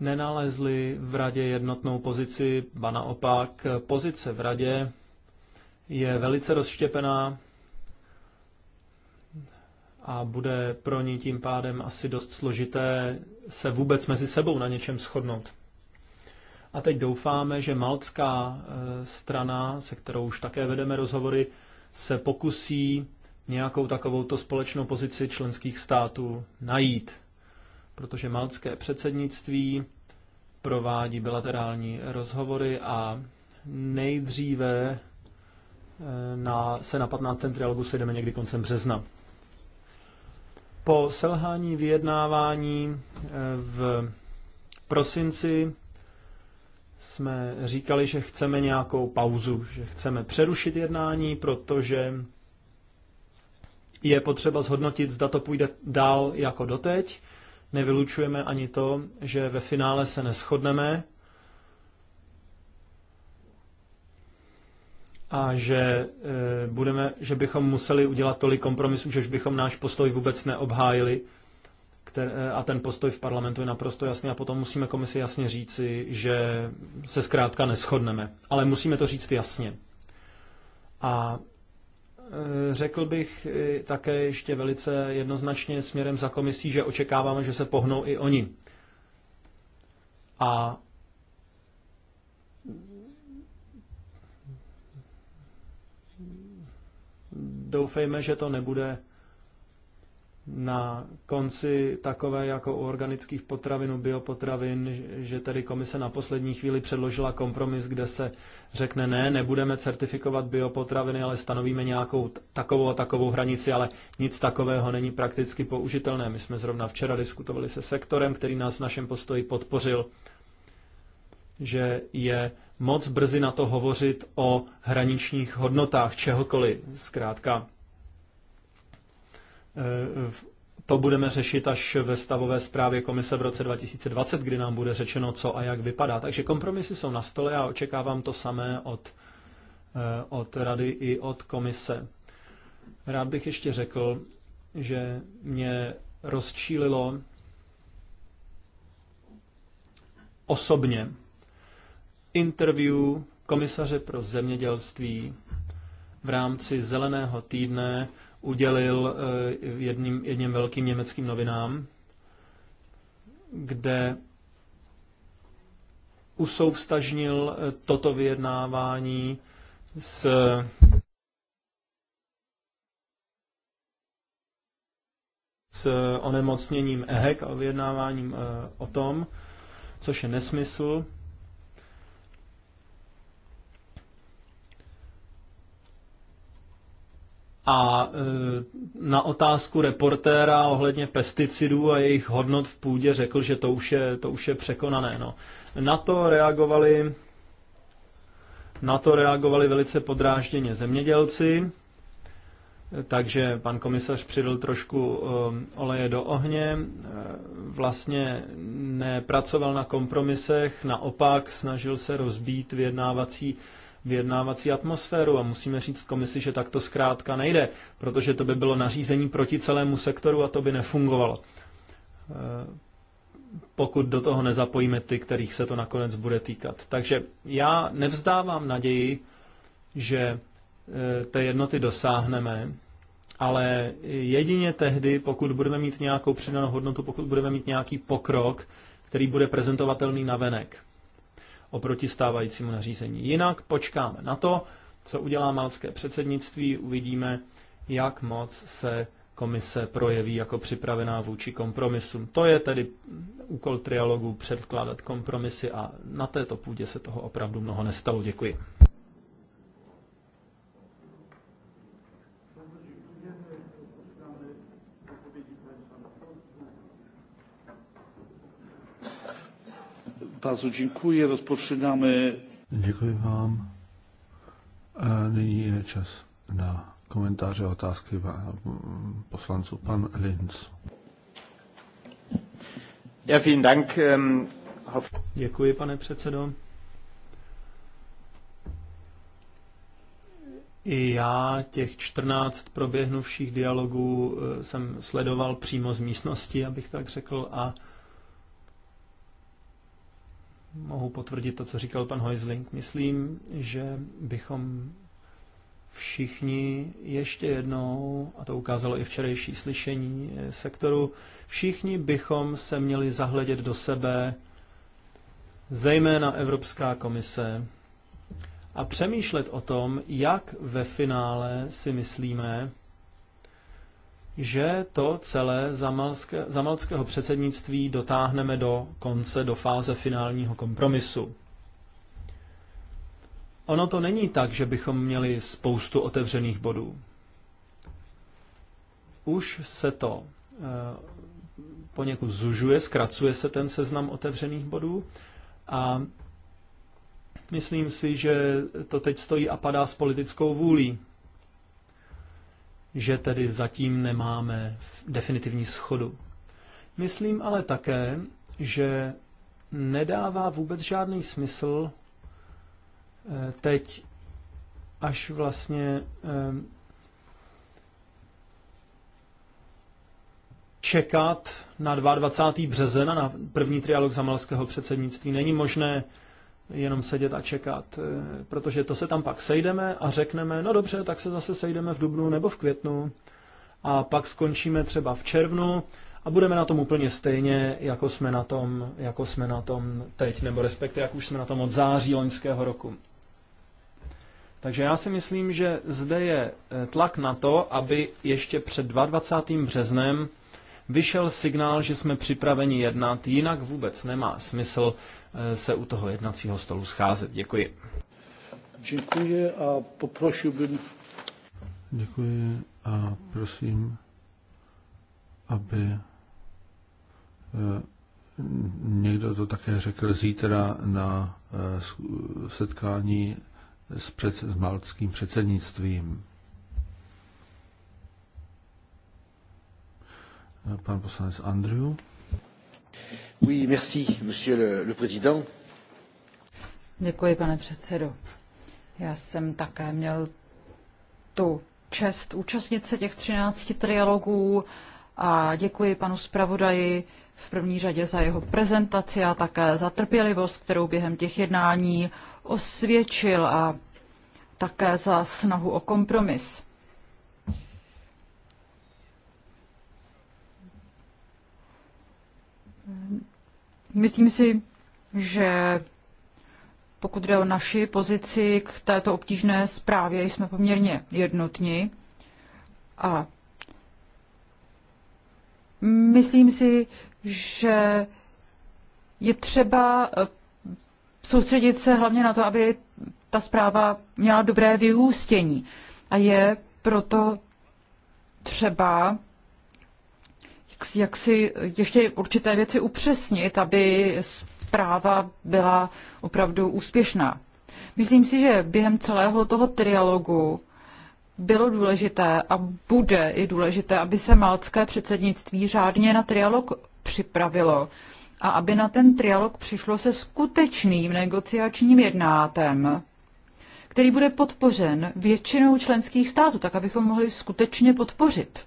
nenalezli v radě jednotnou pozici, ba naopak pozice v radě je velice rozštěpená a bude pro ní tím pádem asi dost složité se vůbec mezi sebou na něčem shodnout. A teď doufáme, že maltská eh, strana, se kterou už také vedeme rozhovory, se pokusí nějakou takovouto společnou pozici členských států najít, protože maltské předsednictví provádí bilaterální rozhovory a nejdříve eh, na, se na 15. trialogu sejdeme někdy koncem března. Po selhání vyjednávání eh, v prosinci jsme říkali, že chceme nějakou pauzu, že chceme přerušit jednání, protože je potřeba zhodnotit, zda to půjde dál jako doteď. Nevylučujeme ani to, že ve finále se neschodneme a že, eh, budeme, že bychom museli udělat tolik kompromisů, že bychom náš postoj vůbec neobhájili eh, a ten postoj v parlamentu je naprosto jasný a potom musíme komisi jasně říci, že se zkrátka neschodneme. Ale musíme to říct jasně. A eh, Řekl bych také ještě velice jednoznačně směrem za komisí, že očekáváme, že se pohnou i oni. A Doufejme, že to nebude na konci takové jako u organických potravin, u biopotravin, že tedy komise na poslední chvíli předložila kompromis, kde se řekne ne, nebudeme certifikovat biopotraviny, ale stanovíme nějakou takovou a takovou hranici, ale nic takového není prakticky použitelné. My jsme zrovna včera diskutovali se sektorem, který nás v našem postoji podpořil, že je moc brzy na to hovořit o hraničních hodnotách čehokoliv. Zkrátka, eh, to budeme řešit až ve stavové zprávě komise v roce 2020, kdy nám bude řečeno, co a jak vypadá. Takže kompromisy jsou na stole a očekávám to samé od, eh, od rady i od komise. Rád bych ještě řekl, že mě rozčílilo osobně interview komisaře pro zemědělství v rámci Zeleného týdne udělil eh, jedním, jedním velkým německým novinám, kde usouvstažnil eh, toto vyjednávání s s onemocněním EHEC a vyjednáváním eh, o tom, což je nesmysl. A e, na otázku reportéra ohledně pesticidů a jejich hodnot v půdě řekl, že to už je, to už je překonané. No. Na to reagovali na to reagovali velice podrážděně zemědělci, takže pan komisař přidal trošku e, oleje do ohně, e, vlastně nepracoval na kompromisech, naopak snažil se rozbít vyjednávací vyjednávací atmosféru a musíme říct komisi, že tak to zkrátka nejde, protože to by bylo nařízení proti celému sektoru a to by nefungovalo. E, pokud do toho nezapojíme ty, kterých se to nakonec bude týkat. Takže já nevzdávám naději, že e, té jednoty dosáhneme, ale jedině tehdy, pokud budeme mít nějakou přidanou hodnotu, pokud budeme mít nějaký pokrok, který bude prezentovatelný na venek oproti stávajícímu nařízení. Jinak počkáme na to, co udělá malské předsednictví, uvidíme, jak moc se komise projeví jako připravená vůči kompromisům. To je tedy úkol trialogu předkládat kompromisy a na této půdě se toho opravdu mnoho nestalo. Děkuji. Bardzo dziękuję. Rozpoczynamy. Děkuji vám. A e, nyní je čas na komentáře a otázky poslanců. Pan Linz. Ja, vielen Dank. Ähm, Děkuji, pane předsedo. I já těch 14 proběhnuvších dialogů e, jsem sledoval přímo z místnosti, abych tak řekl, a mohu potvrdit to, co říkal pan Heusling. Myslím, že bychom všichni ještě jednou, a to ukázalo i včerejší slyšení sektoru, všichni bychom se měli zahledět do sebe, zejména Evropská komise, a přemýšlet o tom, jak ve finále si myslíme, že to celé zamalské, zamalského předsednictví dotáhneme do konce, do fáze finálního kompromisu. Ono to není tak, že bychom měli spoustu otevřených bodů. Už se to eh, poněkud zužuje, zkracuje se ten seznam otevřených bodů a myslím si, že to teď stojí a padá s politickou vůlí že tedy zatím nemáme definitivní schodu. Myslím ale také, že nedává vůbec žádný smysl eh, teď až vlastně eh, čekat na 22. března na první trialog zamalského předsednictví. Není možné jenom sedět a čekat, eh, protože to se tam pak sejdeme a řekneme, no dobře, tak se zase sejdeme v dubnu nebo v květnu a pak skončíme třeba v červnu a budeme na tom úplně stejně, jako jsme na tom, jako jsme na tom teď, nebo respektive jak už jsme na tom od září loňského roku. Takže já si myslím, že zde je eh, tlak na to, aby ještě před 22. březnem vyšel signál, že jsme připraveni jednat, jinak vůbec nemá smysl eh, se u toho jednacího stolu scházet. Děkuji. Děkuji a poprosil bych. Děkuji a prosím, aby eh, někdo to také řekl zítra na eh, setkání s, před, s malckým předsednictvím. Pan poslanec Andrew. Oui, merci, monsieur le, le président. Děkuji, pane předsedo. Já jsem také měl tu čest účastnit se těch 13 trialogů a děkuji panu zpravodaji v první řadě za jeho prezentaci a také za trpělivost, kterou během těch jednání osvědčil a také za snahu o kompromis. Myslím si, že pokud jde o naši pozici k této obtížné zprávě, jsme poměrně jednotní. A myslím si, že je třeba eh, soustředit se hlavně na to, aby ta zpráva měla dobré vyústění. A je proto třeba jak si ještě určité věci upřesnit, aby zpráva byla opravdu úspěšná. Myslím si, že během celého toho trialogu bylo důležité a bude i důležité, aby se malcké předsednictví řádně na trialog připravilo a aby na ten trialog přišlo se skutečným negociačním jednátem, který bude podpořen většinou členských států, tak abychom mohli skutečně podpořit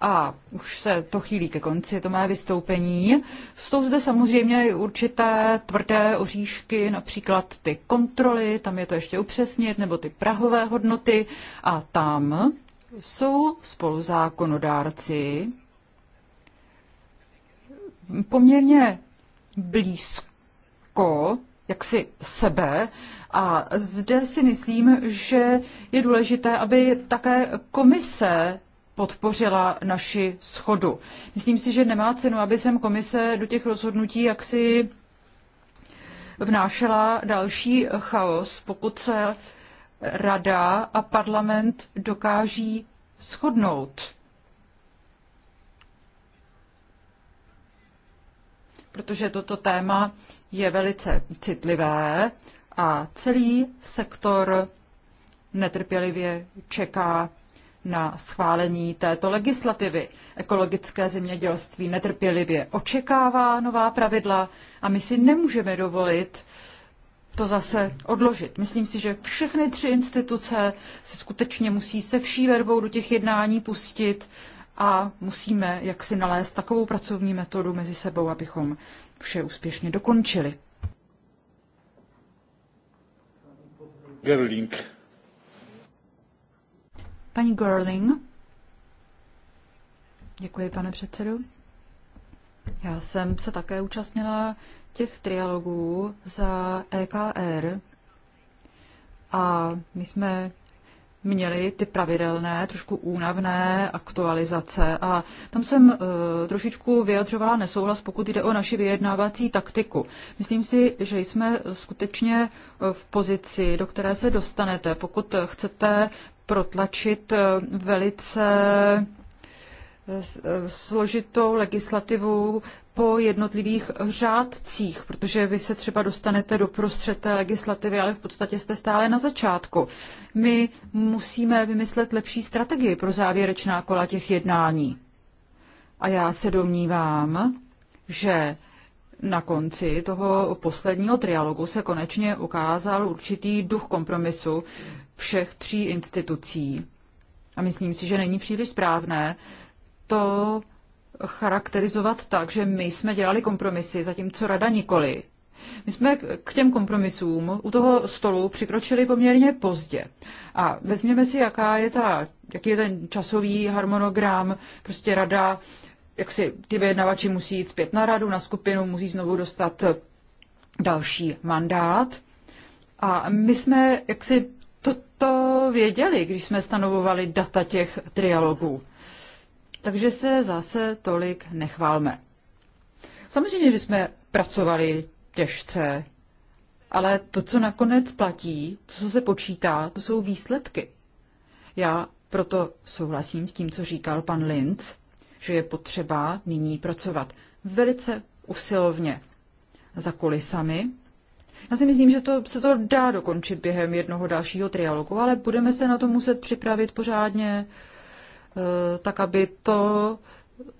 a už se to chýlí ke konci, to mé vystoupení. Jsou zde samozřejmě i určité tvrdé oříšky, například ty kontroly, tam je to ještě upřesnit, nebo ty prahové hodnoty. A tam jsou spoluzákonodárci poměrně blízko jaksi sebe a zde si myslím, že je důležité, aby také komise podpořila naši schodu. Myslím si, že nemá cenu, aby sem komise do těch rozhodnutí jaksi vnášela další chaos, pokud se rada a parlament dokáží shodnout. Protože toto téma je velice citlivé a celý sektor netrpělivě čeká na schválení této legislativy. Ekologické zemědělství netrpělivě očekává nová pravidla a my si nemůžeme dovolit to zase odložit. Myslím si, že všechny tři instituce se skutečně musí se vší vervou do těch jednání pustit a musíme jaksi nalézt takovou pracovní metodu mezi sebou, abychom vše úspěšně dokončili. Gerling. Paní Gorling, Děkuji, pane předsedu. Já jsem se také účastnila těch trialogů za EKR a my jsme měli ty pravidelné, trošku únavné aktualizace a tam jsem uh, trošičku vyjadřovala nesouhlas, pokud jde o naši vyjednávací taktiku. Myslím si, že jsme skutečně v pozici, do které se dostanete, pokud chcete protlačit eh, velice eh, eh, složitou legislativu po jednotlivých řádcích, protože vy se třeba dostanete do prostřed té legislativy, ale v podstatě jste stále na začátku. My musíme vymyslet lepší strategii pro závěrečná kola těch jednání. A já se domnívám, že na konci toho posledního trialogu se konečně ukázal určitý duch kompromisu, všech tří institucí, a myslím si, že není příliš správné, to charakterizovat tak, že my jsme dělali kompromisy, zatímco rada nikoli. My jsme k těm kompromisům u toho stolu přikročili poměrně pozdě. A vezměme si, jaká je ta, jaký je ten časový harmonogram, prostě rada, jak si ty vyjednavači musí jít zpět na radu, na skupinu, musí znovu dostat další mandát. A my jsme jaksi toto věděli, když jsme stanovovali data těch trialogů. Takže se zase tolik nechválme. Samozřejmě, že jsme pracovali těžce, ale to, co nakonec platí, to, co se počítá, to jsou výsledky. Já proto souhlasím s tím, co říkal pan Linz, že je potřeba nyní pracovat velice usilovně za kulisami, já si myslím, že to, se to dá dokončit během jednoho dalšího trialogu, ale budeme se na to muset připravit pořádně, eh, tak aby to,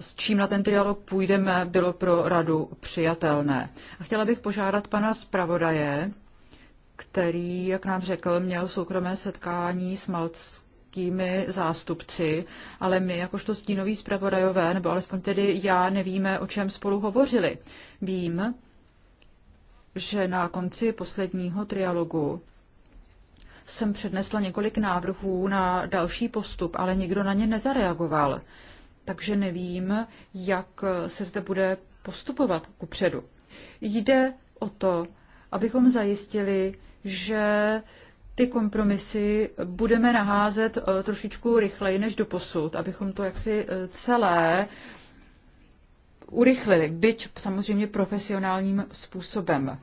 s čím na ten trialog půjdeme, bylo pro radu přijatelné. A chtěla bych požádat pana zpravodaje, který, jak nám řekl, měl soukromé setkání s maltskými zástupci, ale my jakožto stínoví zpravodajové, nebo alespoň tedy já, nevíme, o čem spolu hovořili. Vím, že na konci posledního trialogu jsem přednesla několik návrhů na další postup, ale nikdo na ně nezareagoval. Takže nevím, jak se zde bude postupovat ku předu. Jde o to, abychom zajistili, že ty kompromisy budeme naházet eh, trošičku rychleji než do posud, abychom to jaksi eh, celé urychlili, byť samozřejmě profesionálním způsobem.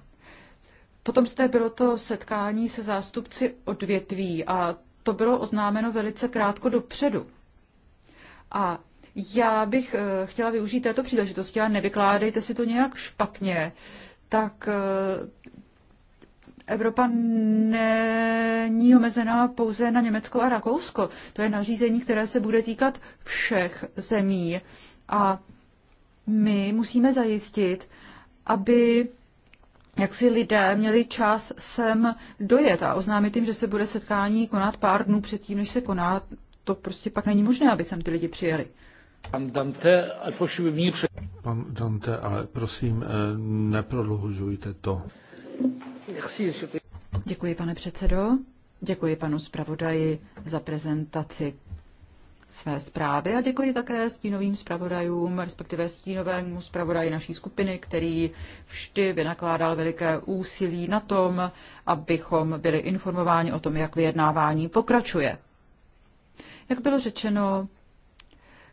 Potom jste bylo to setkání se zástupci odvětví a to bylo oznámeno velice krátko dopředu. A já bych eh, chtěla využít této příležitosti a nevykládejte si to nějak špatně, tak eh, Evropa není omezená pouze na Německo a Rakousko. To je nařízení, které se bude týkat všech zemí. A my musíme zajistit, aby jak si lidé měli čas sem dojet a oznámit jim, že se bude setkání konat pár dnů předtím, než se koná, to prostě pak není možné, aby sem ty lidi přijeli. Pan Dante, prosím, před... Pan Dante, ale prosím, eh, neprodlužujte to. Děkuji, pane předsedo. Děkuji panu zpravodaji za prezentaci své zprávy a děkuji také stínovým zpravodajům, respektive stínovému zpravodaji naší skupiny, který vždy vynakládal veliké úsilí na tom, abychom byli informováni o tom, jak vyjednávání pokračuje. Jak bylo řečeno,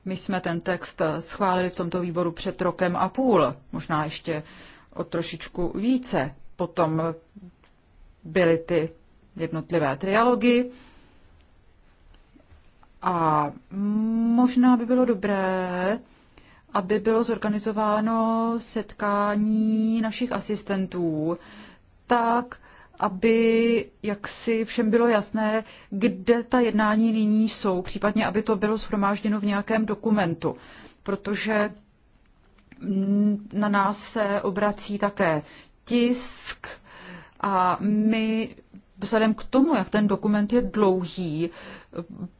my jsme ten text schválili v tomto výboru před rokem a půl, možná ještě o trošičku více. Potom byly ty jednotlivé trialogy a možná by bylo dobré, aby bylo zorganizováno setkání našich asistentů tak, aby jaksi všem bylo jasné, kde ta jednání nyní jsou, případně aby to bylo shromážděno v nějakém dokumentu, protože na nás se obrací také tisk a my vzhledem k tomu, jak ten dokument je dlouhý,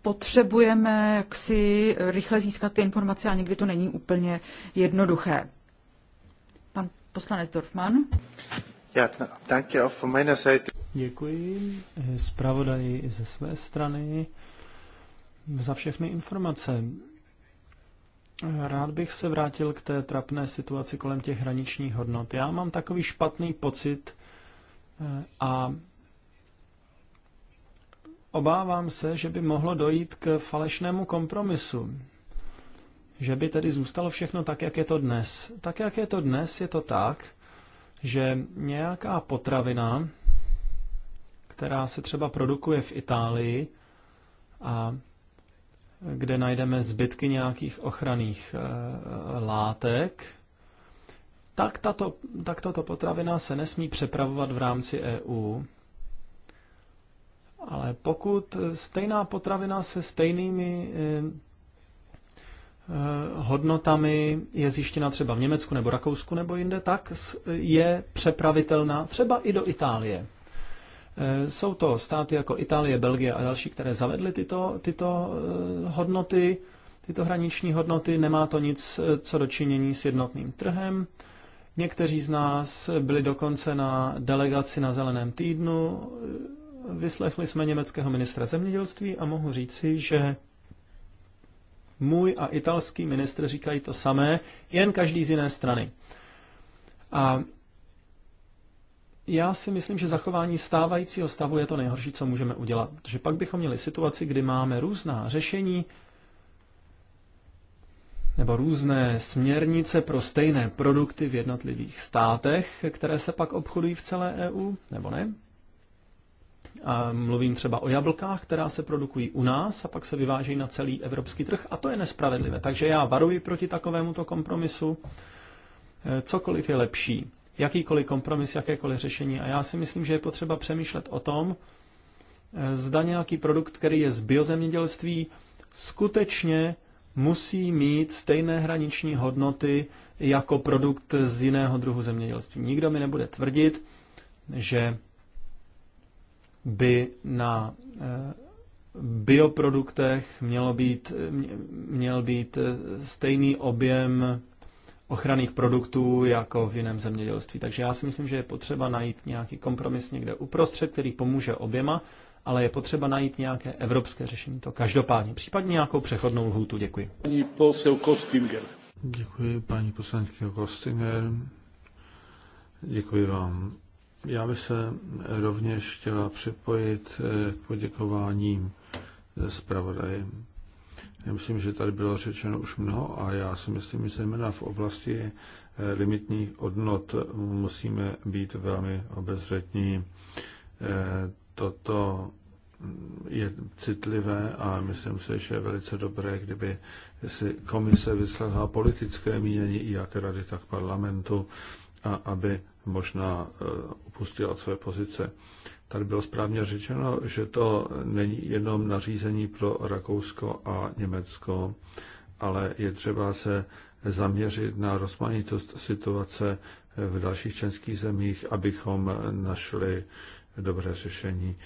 potřebujeme jaksi rychle získat ty informace a někdy to není úplně jednoduché. Pan poslanec Dorfman. Ja, danke auch von meiner Seite. Děkuji eh, zpravodaji ze své strany za všechny informace. Rád bych se vrátil k té trapné situaci kolem těch hraničních hodnot. Já mám takový špatný pocit eh, a obávám se, že by mohlo dojít k falešnému kompromisu. Že by tedy zůstalo všechno tak, jak je to dnes. Tak, jak je to dnes, je to tak, že nějaká potravina, která se třeba produkuje v Itálii a kde najdeme zbytky nějakých ochranných e, látek, tak tato, tak tato potravina se nesmí přepravovat v rámci EU, ale pokud stejná potravina se stejnými eh, eh, hodnotami je zjištěna třeba v Německu nebo Rakousku nebo jinde, tak je přepravitelná třeba i do Itálie. Eh, jsou to státy jako Itálie, Belgie a další, které zavedly tyto, tyto hodnoty, tyto hraniční hodnoty. Nemá to nic co dočinění s jednotným trhem. Někteří z nás byli dokonce na delegaci na Zeleném týdnu, Vyslechli jsme německého ministra zemědělství a mohu říci, že můj a italský ministr říkají to samé, jen každý z jiné strany. A já si myslím, že zachování stávajícího stavu je to nejhorší, co můžeme udělat. Protože pak bychom měli situaci, kdy máme různá řešení nebo různé směrnice pro stejné produkty v jednotlivých státech, které se pak obchodují v celé EU, nebo ne? Mluvím třeba o jablkách, která se produkují u nás a pak se vyvážejí na celý evropský trh a to je nespravedlivé. Takže já varuji proti takovémuto kompromisu. Eh, cokoliv je lepší, jakýkoliv kompromis, jakékoliv řešení. A já si myslím, že je potřeba přemýšlet o tom, eh, zda nějaký produkt, který je z biozemědělství, skutečně musí mít stejné hraniční hodnoty jako produkt z jiného druhu zemědělství. Nikdo mi nebude tvrdit, že by na eh, bioproduktech mělo být, měl být eh, stejný objem ochranných produktů jako v jiném zemědělství. Takže já si myslím, že je potřeba najít nějaký kompromis někde uprostřed, který pomůže oběma, ale je potřeba najít nějaké evropské řešení. To každopádně. Případně nějakou přechodnou lhůtu. Děkuji. Pani posel Kostinger. Děkuji, paní poslankyně Kostinger. Děkuji vám. Já bych se rovněž chtěla připojit eh, k poděkováním eh, zpravodaji. Já myslím, že tady bylo řečeno už mnoho a já si myslím, že zejména v oblasti eh, limitních odnot musíme být velmi obezřetní. Toto je citlivé a myslím si, že je velice dobré, kdyby si komise vyslala politické mínění, jak rady, tak parlamentu, a aby možná eh, opustila své pozice. Tady bylo správně řečeno, že to není jenom nařízení pro Rakousko a Německo, ale je třeba se zaměřit na rozmanitost situace v dalších členských zemích, abychom našli dobré řešení.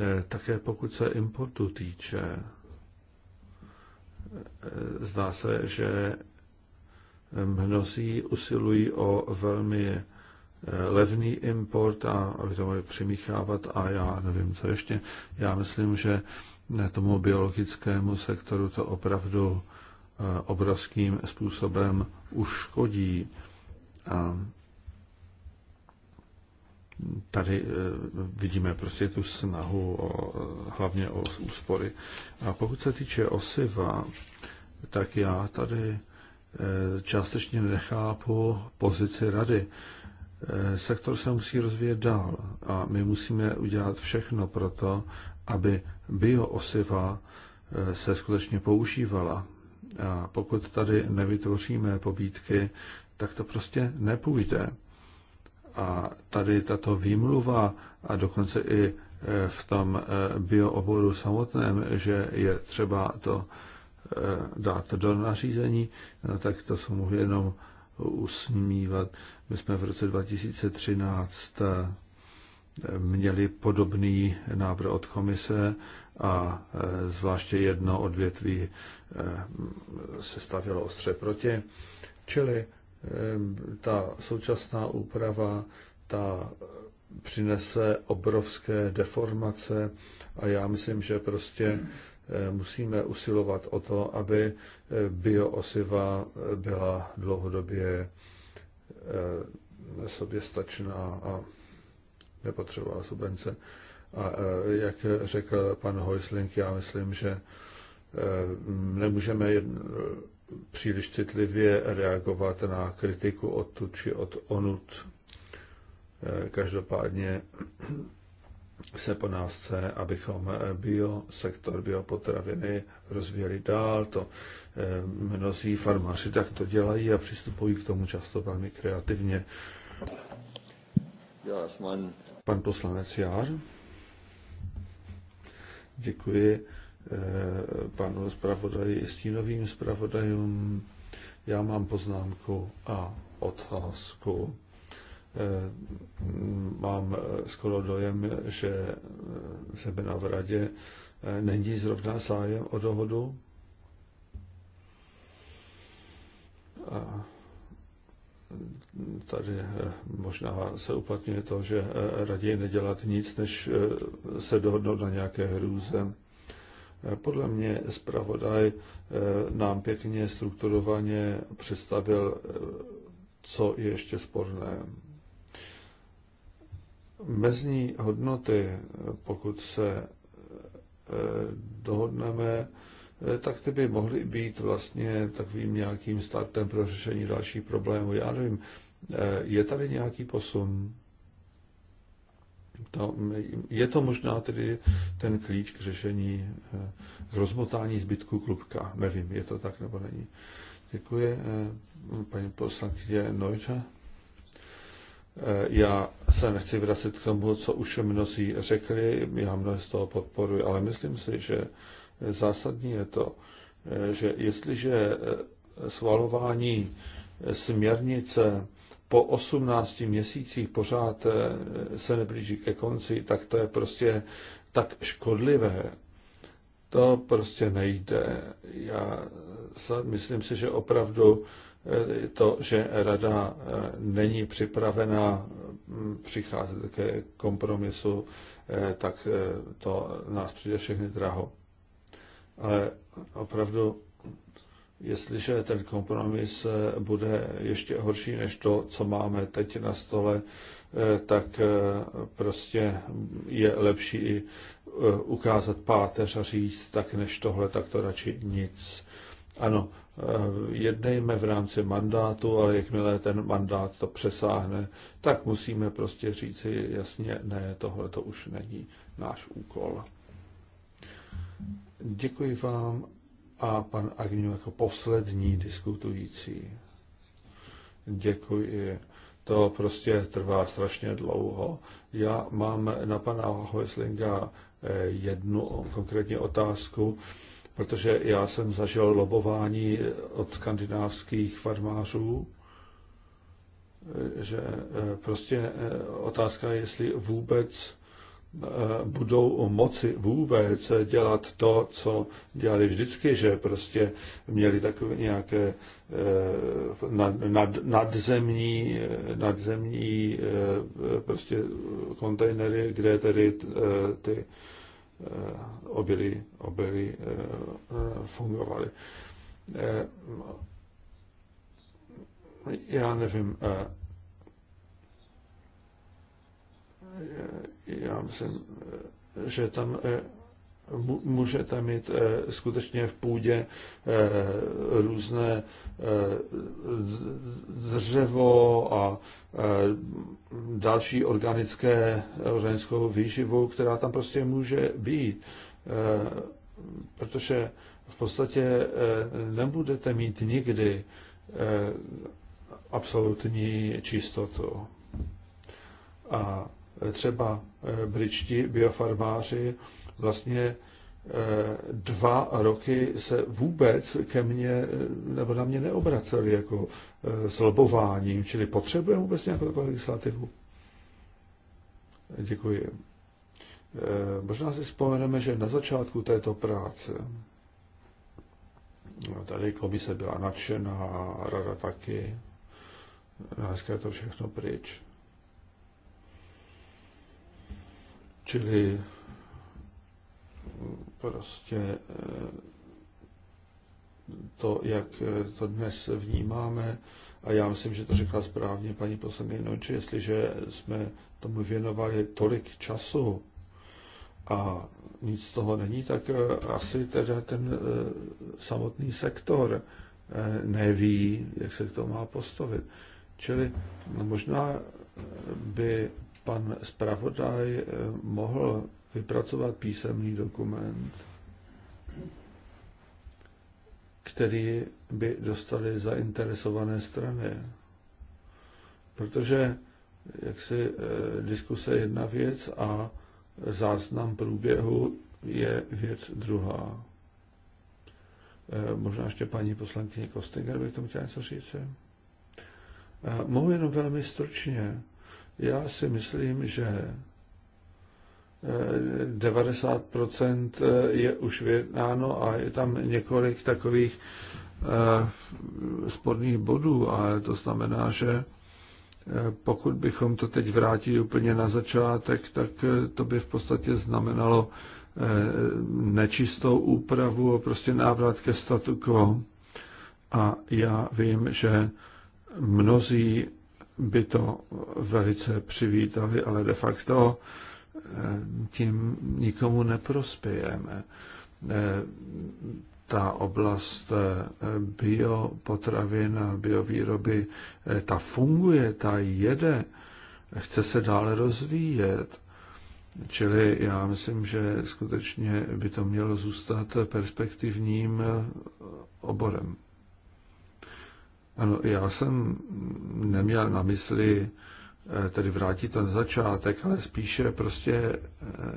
Eh, také pokud se importu týče, eh, zdá se, že mnozí usilují o velmi Eh, levný import a aby to mohli přimíchávat a já nevím, co ještě. Já myslím, že eh, tomu biologickému sektoru to opravdu eh, obrovským způsobem uškodí. A tady vidíme prostě tu snahu o, hlavně o úspory. A pokud se týče osiva, tak já tady částečně nechápu pozici rady. Eh, sektor se musí rozvíjet dál a my musíme udělat všechno pro to, aby bioosiva eh, se skutečně používala. A pokud tady nevytvoříme pobídky, tak to prostě nepůjde. A tady tato výmluva a dokonce i eh, v tom biooboru samotném, že je třeba to dát do nařízení, no tak to jsou jenom usmívat. My jsme v roce 2013 eh, měli podobný návrh od komise a eh, zvláště jedno odvětví eh, se stavělo ostře proti. Čili ta současná úprava, ta přinese obrovské deformace a já myslím, že prostě Eh, musíme usilovat o to, aby eh, bioosiva eh, byla dlouhodobě soběstačná a nepotřebovala subvence. A jak řekl pan Hojsling, já myslím, že nemůžeme příliš citlivě reagovat na kritiku tu či od onut. Každopádně se po nás chce, abychom eh, sektor biopotraviny rozvíjeli dál. To eh, mnozí farmáři tak to dělají a přistupují k tomu často velmi kreativně. Pan poslanec Jár. Děkuji eh, panu zpravodaji i stínovým zpravodajům. Já mám poznámku a otázku Eh, mám eh, skoro dojem, že by eh, na radě není zrovna zájem o dohodu. A mm, tady možná se uplatňuje to, že raději nedělat nic, než se dohodnout na nějaké hrůze. Podle mě zpravodaj nám pěkně strukturovaně představil, co je ještě sporné mezní hodnoty, pokud se e, dohodneme, e, tak ty by mohly být vlastně takovým nějakým startem pro řešení dalších problémů. Já nevím, e, je tady nějaký posun? To, je to možná tedy ten klíč k řešení, k rozmotání zbytku klubka. Nevím, je to tak nebo není. Děkuji, paní poslankyně Nojča. Eh, já se nechci vracet k tomu, co už mnozí řekli, já mnohé z toho podporuji, ale myslím si, že zásadní je to, eh, že jestliže eh, svalování směrnice po 18 měsících pořád se neblíží ke konci, tak to je prostě tak škodlivé. To prostě nejde. Já myslím si, že opravdu to, že rada eh, není připravena mm, přicházet ke kompromisu, eh, tak eh, to nás přijde všechny draho. Ale opravdu, jestliže ten kompromis bude ještě horší než to, co máme teď na stole, tak prostě je lepší i ukázat páteř a říct, tak než tohle, tak to radši nic. Ano, Eh, jednejme v rámci mandátu, ale jakmile ten mandát to přesáhne, tak musíme prostě říci jasně, ne, tohle to už není náš úkol. Děkuji vám a pan Agňu jako poslední diskutující. Děkuji. To prostě trvá strašně dlouho. Já mám na pana Hoislinga eh, jednu konkrétní otázku protože já jsem zažil lobování od skandinávských farmářů, že eh, prostě eh, otázka je, jestli vůbec eh, budou moci vůbec dělat to, co dělali vždycky, že prostě měli takové nějaké nad, nad, nadzemní, nadzemní prostě kontejnery, kde tedy ty, ty obilí, eh, obilí eh, fungovaly. Eh, já nevím, já myslím, že tam můžete mít eh, skutečně v půdě eh, různé eh, dřevo a další organické, organickou výživu, která tam prostě může být. Protože v podstatě nebudete mít nikdy absolutní čistotu. A třeba britští biofarmáři vlastně eh, dva roky se vůbec ke mně eh, nebo na mě neobraceli jako eh, s lobováním, čili potřebujeme vůbec nějakou takovou legislativu. Děkuji. Možná si vzpomeneme, že na začátku této práce no, tady komise byla nadšená, rada taky. No, dneska je to všechno pryč. Čili prostě eh, to, jak eh, to dnes vnímáme, a já myslím, že to řekla správně paní poslankyně Noči, jestliže jsme tomu věnovali tolik času a nic z toho není, tak eh, asi teda ten samotný sektor neví, jak se k tomu má postavit. Čili no, možná by pan zpravodaj mohl vypracovat písemný dokument, který by dostali zainteresované strany. Protože jak si eh, diskuse je jedna věc a záznam průběhu je věc druhá. Eh, možná ještě paní poslankyně Kostinger by k tomu chtěla něco říct. Eh, mohu jenom velmi stručně. Já si myslím, že 90% eh, je už vyjednáno a je tam několik takových eh, sporných bodů, ale to znamená, že eh, pokud bychom to teď vrátili úplně na začátek, tak to by v podstatě znamenalo nečistou úpravu, prostě návrat ke statu quo. A já vím, že mnozí by to velice přivítali, ale de facto tím nikomu neprospějeme. Eh, ta oblast eh, biopotravin a biovýroby, eh, ta funguje, ta jede, chce se dále rozvíjet. Čili já myslím, že skutečně by to mělo zůstat perspektivním oborem. Ano, já jsem neměl na mysli Eh, tedy vrátit to na začátek, ale spíše prostě eh,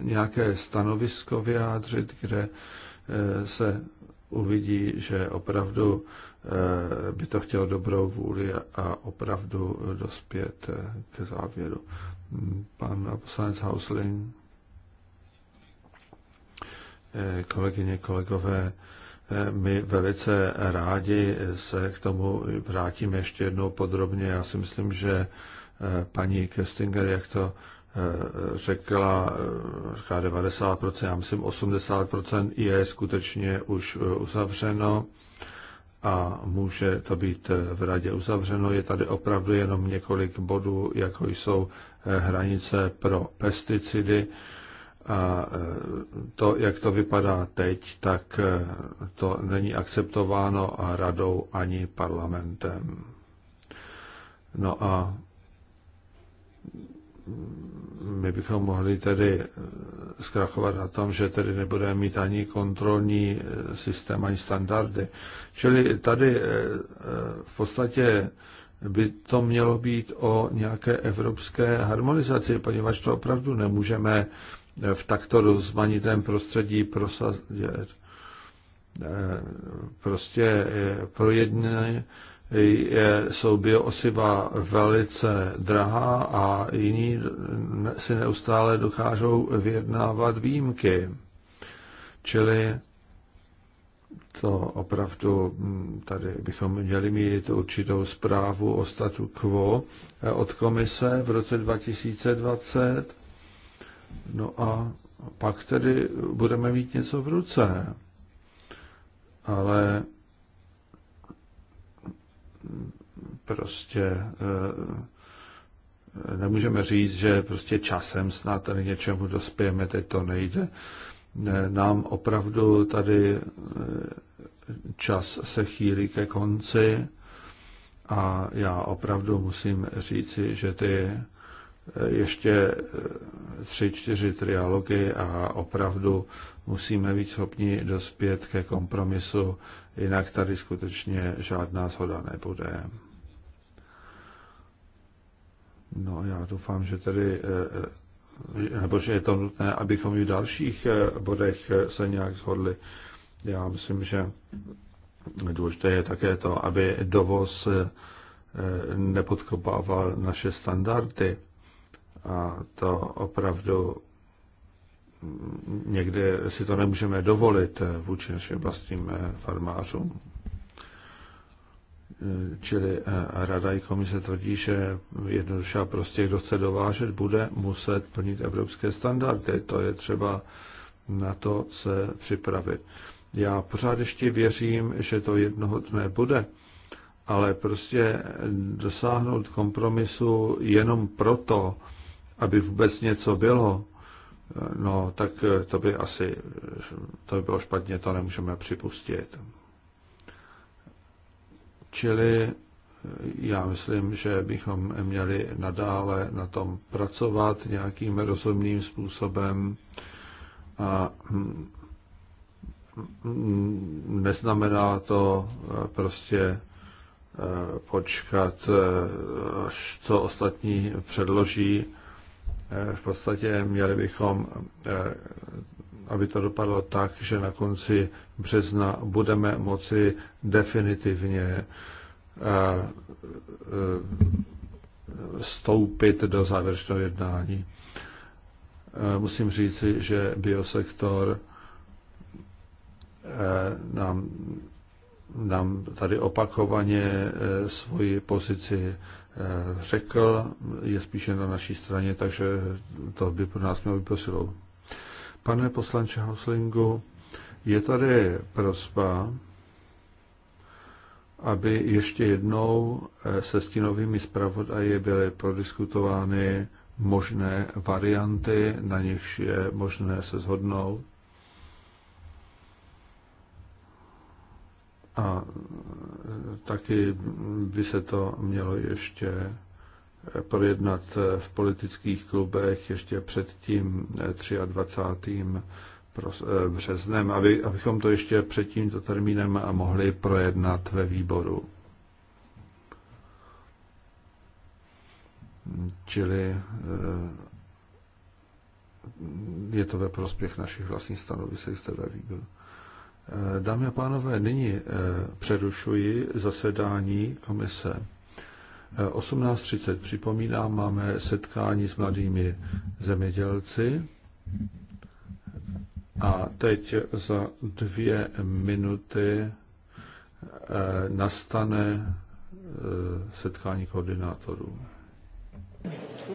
nějaké stanovisko vyjádřit, kde eh, se uvidí, že opravdu by to chtělo dobrou vůli a opravdu dospět ke závěru. Hmm, pan poslanec Hausling, kolegyně, kolegové, my velice rádi se k tomu vrátíme ještě jednou podrobně. Já si myslím, že Eh, paní Kestinger, jak to eh, řekla, eh, říká 90%, já myslím 80% je skutečně už uzavřeno a může to být v radě uzavřeno. Je tady opravdu jenom několik bodů, jako jsou hranice pro pesticidy. A to, jak to vypadá teď, tak to není akceptováno radou ani parlamentem. No a my bychom mohli tedy eh, zkrachovat na tom, že tedy nebudeme mít ani kontrolní eh, systém, ani standardy. Čili tady eh, v podstatě by to mělo být o nějaké evropské harmonizaci, poněvadž to opravdu nemůžeme v takto rozmanitém prostředí prosadit. Prostě pro jedné jsou bioosiva velice drahá a jiní si neustále dokážou vyjednávat výjimky. Čili to opravdu mm, tady bychom měli mít určitou zprávu o statu quo eh, od komise v roce 2020. No a pak tedy budeme mít něco v ruce. Ale prostě eh, nemůžeme říct, že prostě časem snad tady něčemu dospějeme, teď to nejde. Nám opravdu tady eh, čas se chýlí ke konci a já opravdu musím říci, že ty eh, ještě tři, čtyři trialogy a opravdu musíme být schopni dospět ke kompromisu, jinak tady skutečně žádná shoda nebude. No já doufám, že tedy, eh, eh, nebo že je to nutné, abychom i v dalších eh, bodech se nějak shodli. Já myslím, že důležité je také to, aby dovoz nepodkopával naše standardy. A to opravdu někdy si to nemůžeme dovolit eh, vůči našim vlastním eh, farmářům. Eh, čili Rada i komise tvrdí, že jednoduše a prostě kdo chce dovážet, bude muset plnit evropské standardy. To je třeba na to se připravit. Já pořád ještě věřím, že to jednoho dne bude, ale prostě dosáhnout kompromisu jenom proto, aby vůbec něco bylo, No, tak eh, to by asi to by bylo špatně, to nemůžeme připustit. Čili eh, já myslím, že bychom měli nadále na tom pracovat nějakým rozumným způsobem a hm, hm, neznamená to eh, prostě počkat, až co ostatní předloží Eh, v podstatě měli bychom, eh, aby to dopadlo tak, že na konci března budeme moci definitivně eh, stoupit do závěrečného jednání. Musím říci, že biosektor nám, nám tady opakovaně svoji pozici Eh, řekl, je spíše na naší straně, takže to by pro nás mělo být posilou. Pane poslanče Hoslingu, je tady prosba, aby ještě jednou eh, se stínovými zpravodaji byly prodiskutovány možné varianty, na nichž je možné se zhodnout. A e, taky by se to mělo ještě e, projednat e, v politických klubech ještě před tím 23. březnem, aby, abychom to ještě před tímto termínem mohli projednat ve výboru. Čili je to ve prospěch našich vlastních stanovisek zde ve výboru. Dámy a pánové, nyní eh, přerušuji zasedání komise. 18.30 eh, připomínám, máme setkání s mladými zemědělci. A teď za dvě minuty eh, nastane setkání koordinátorů.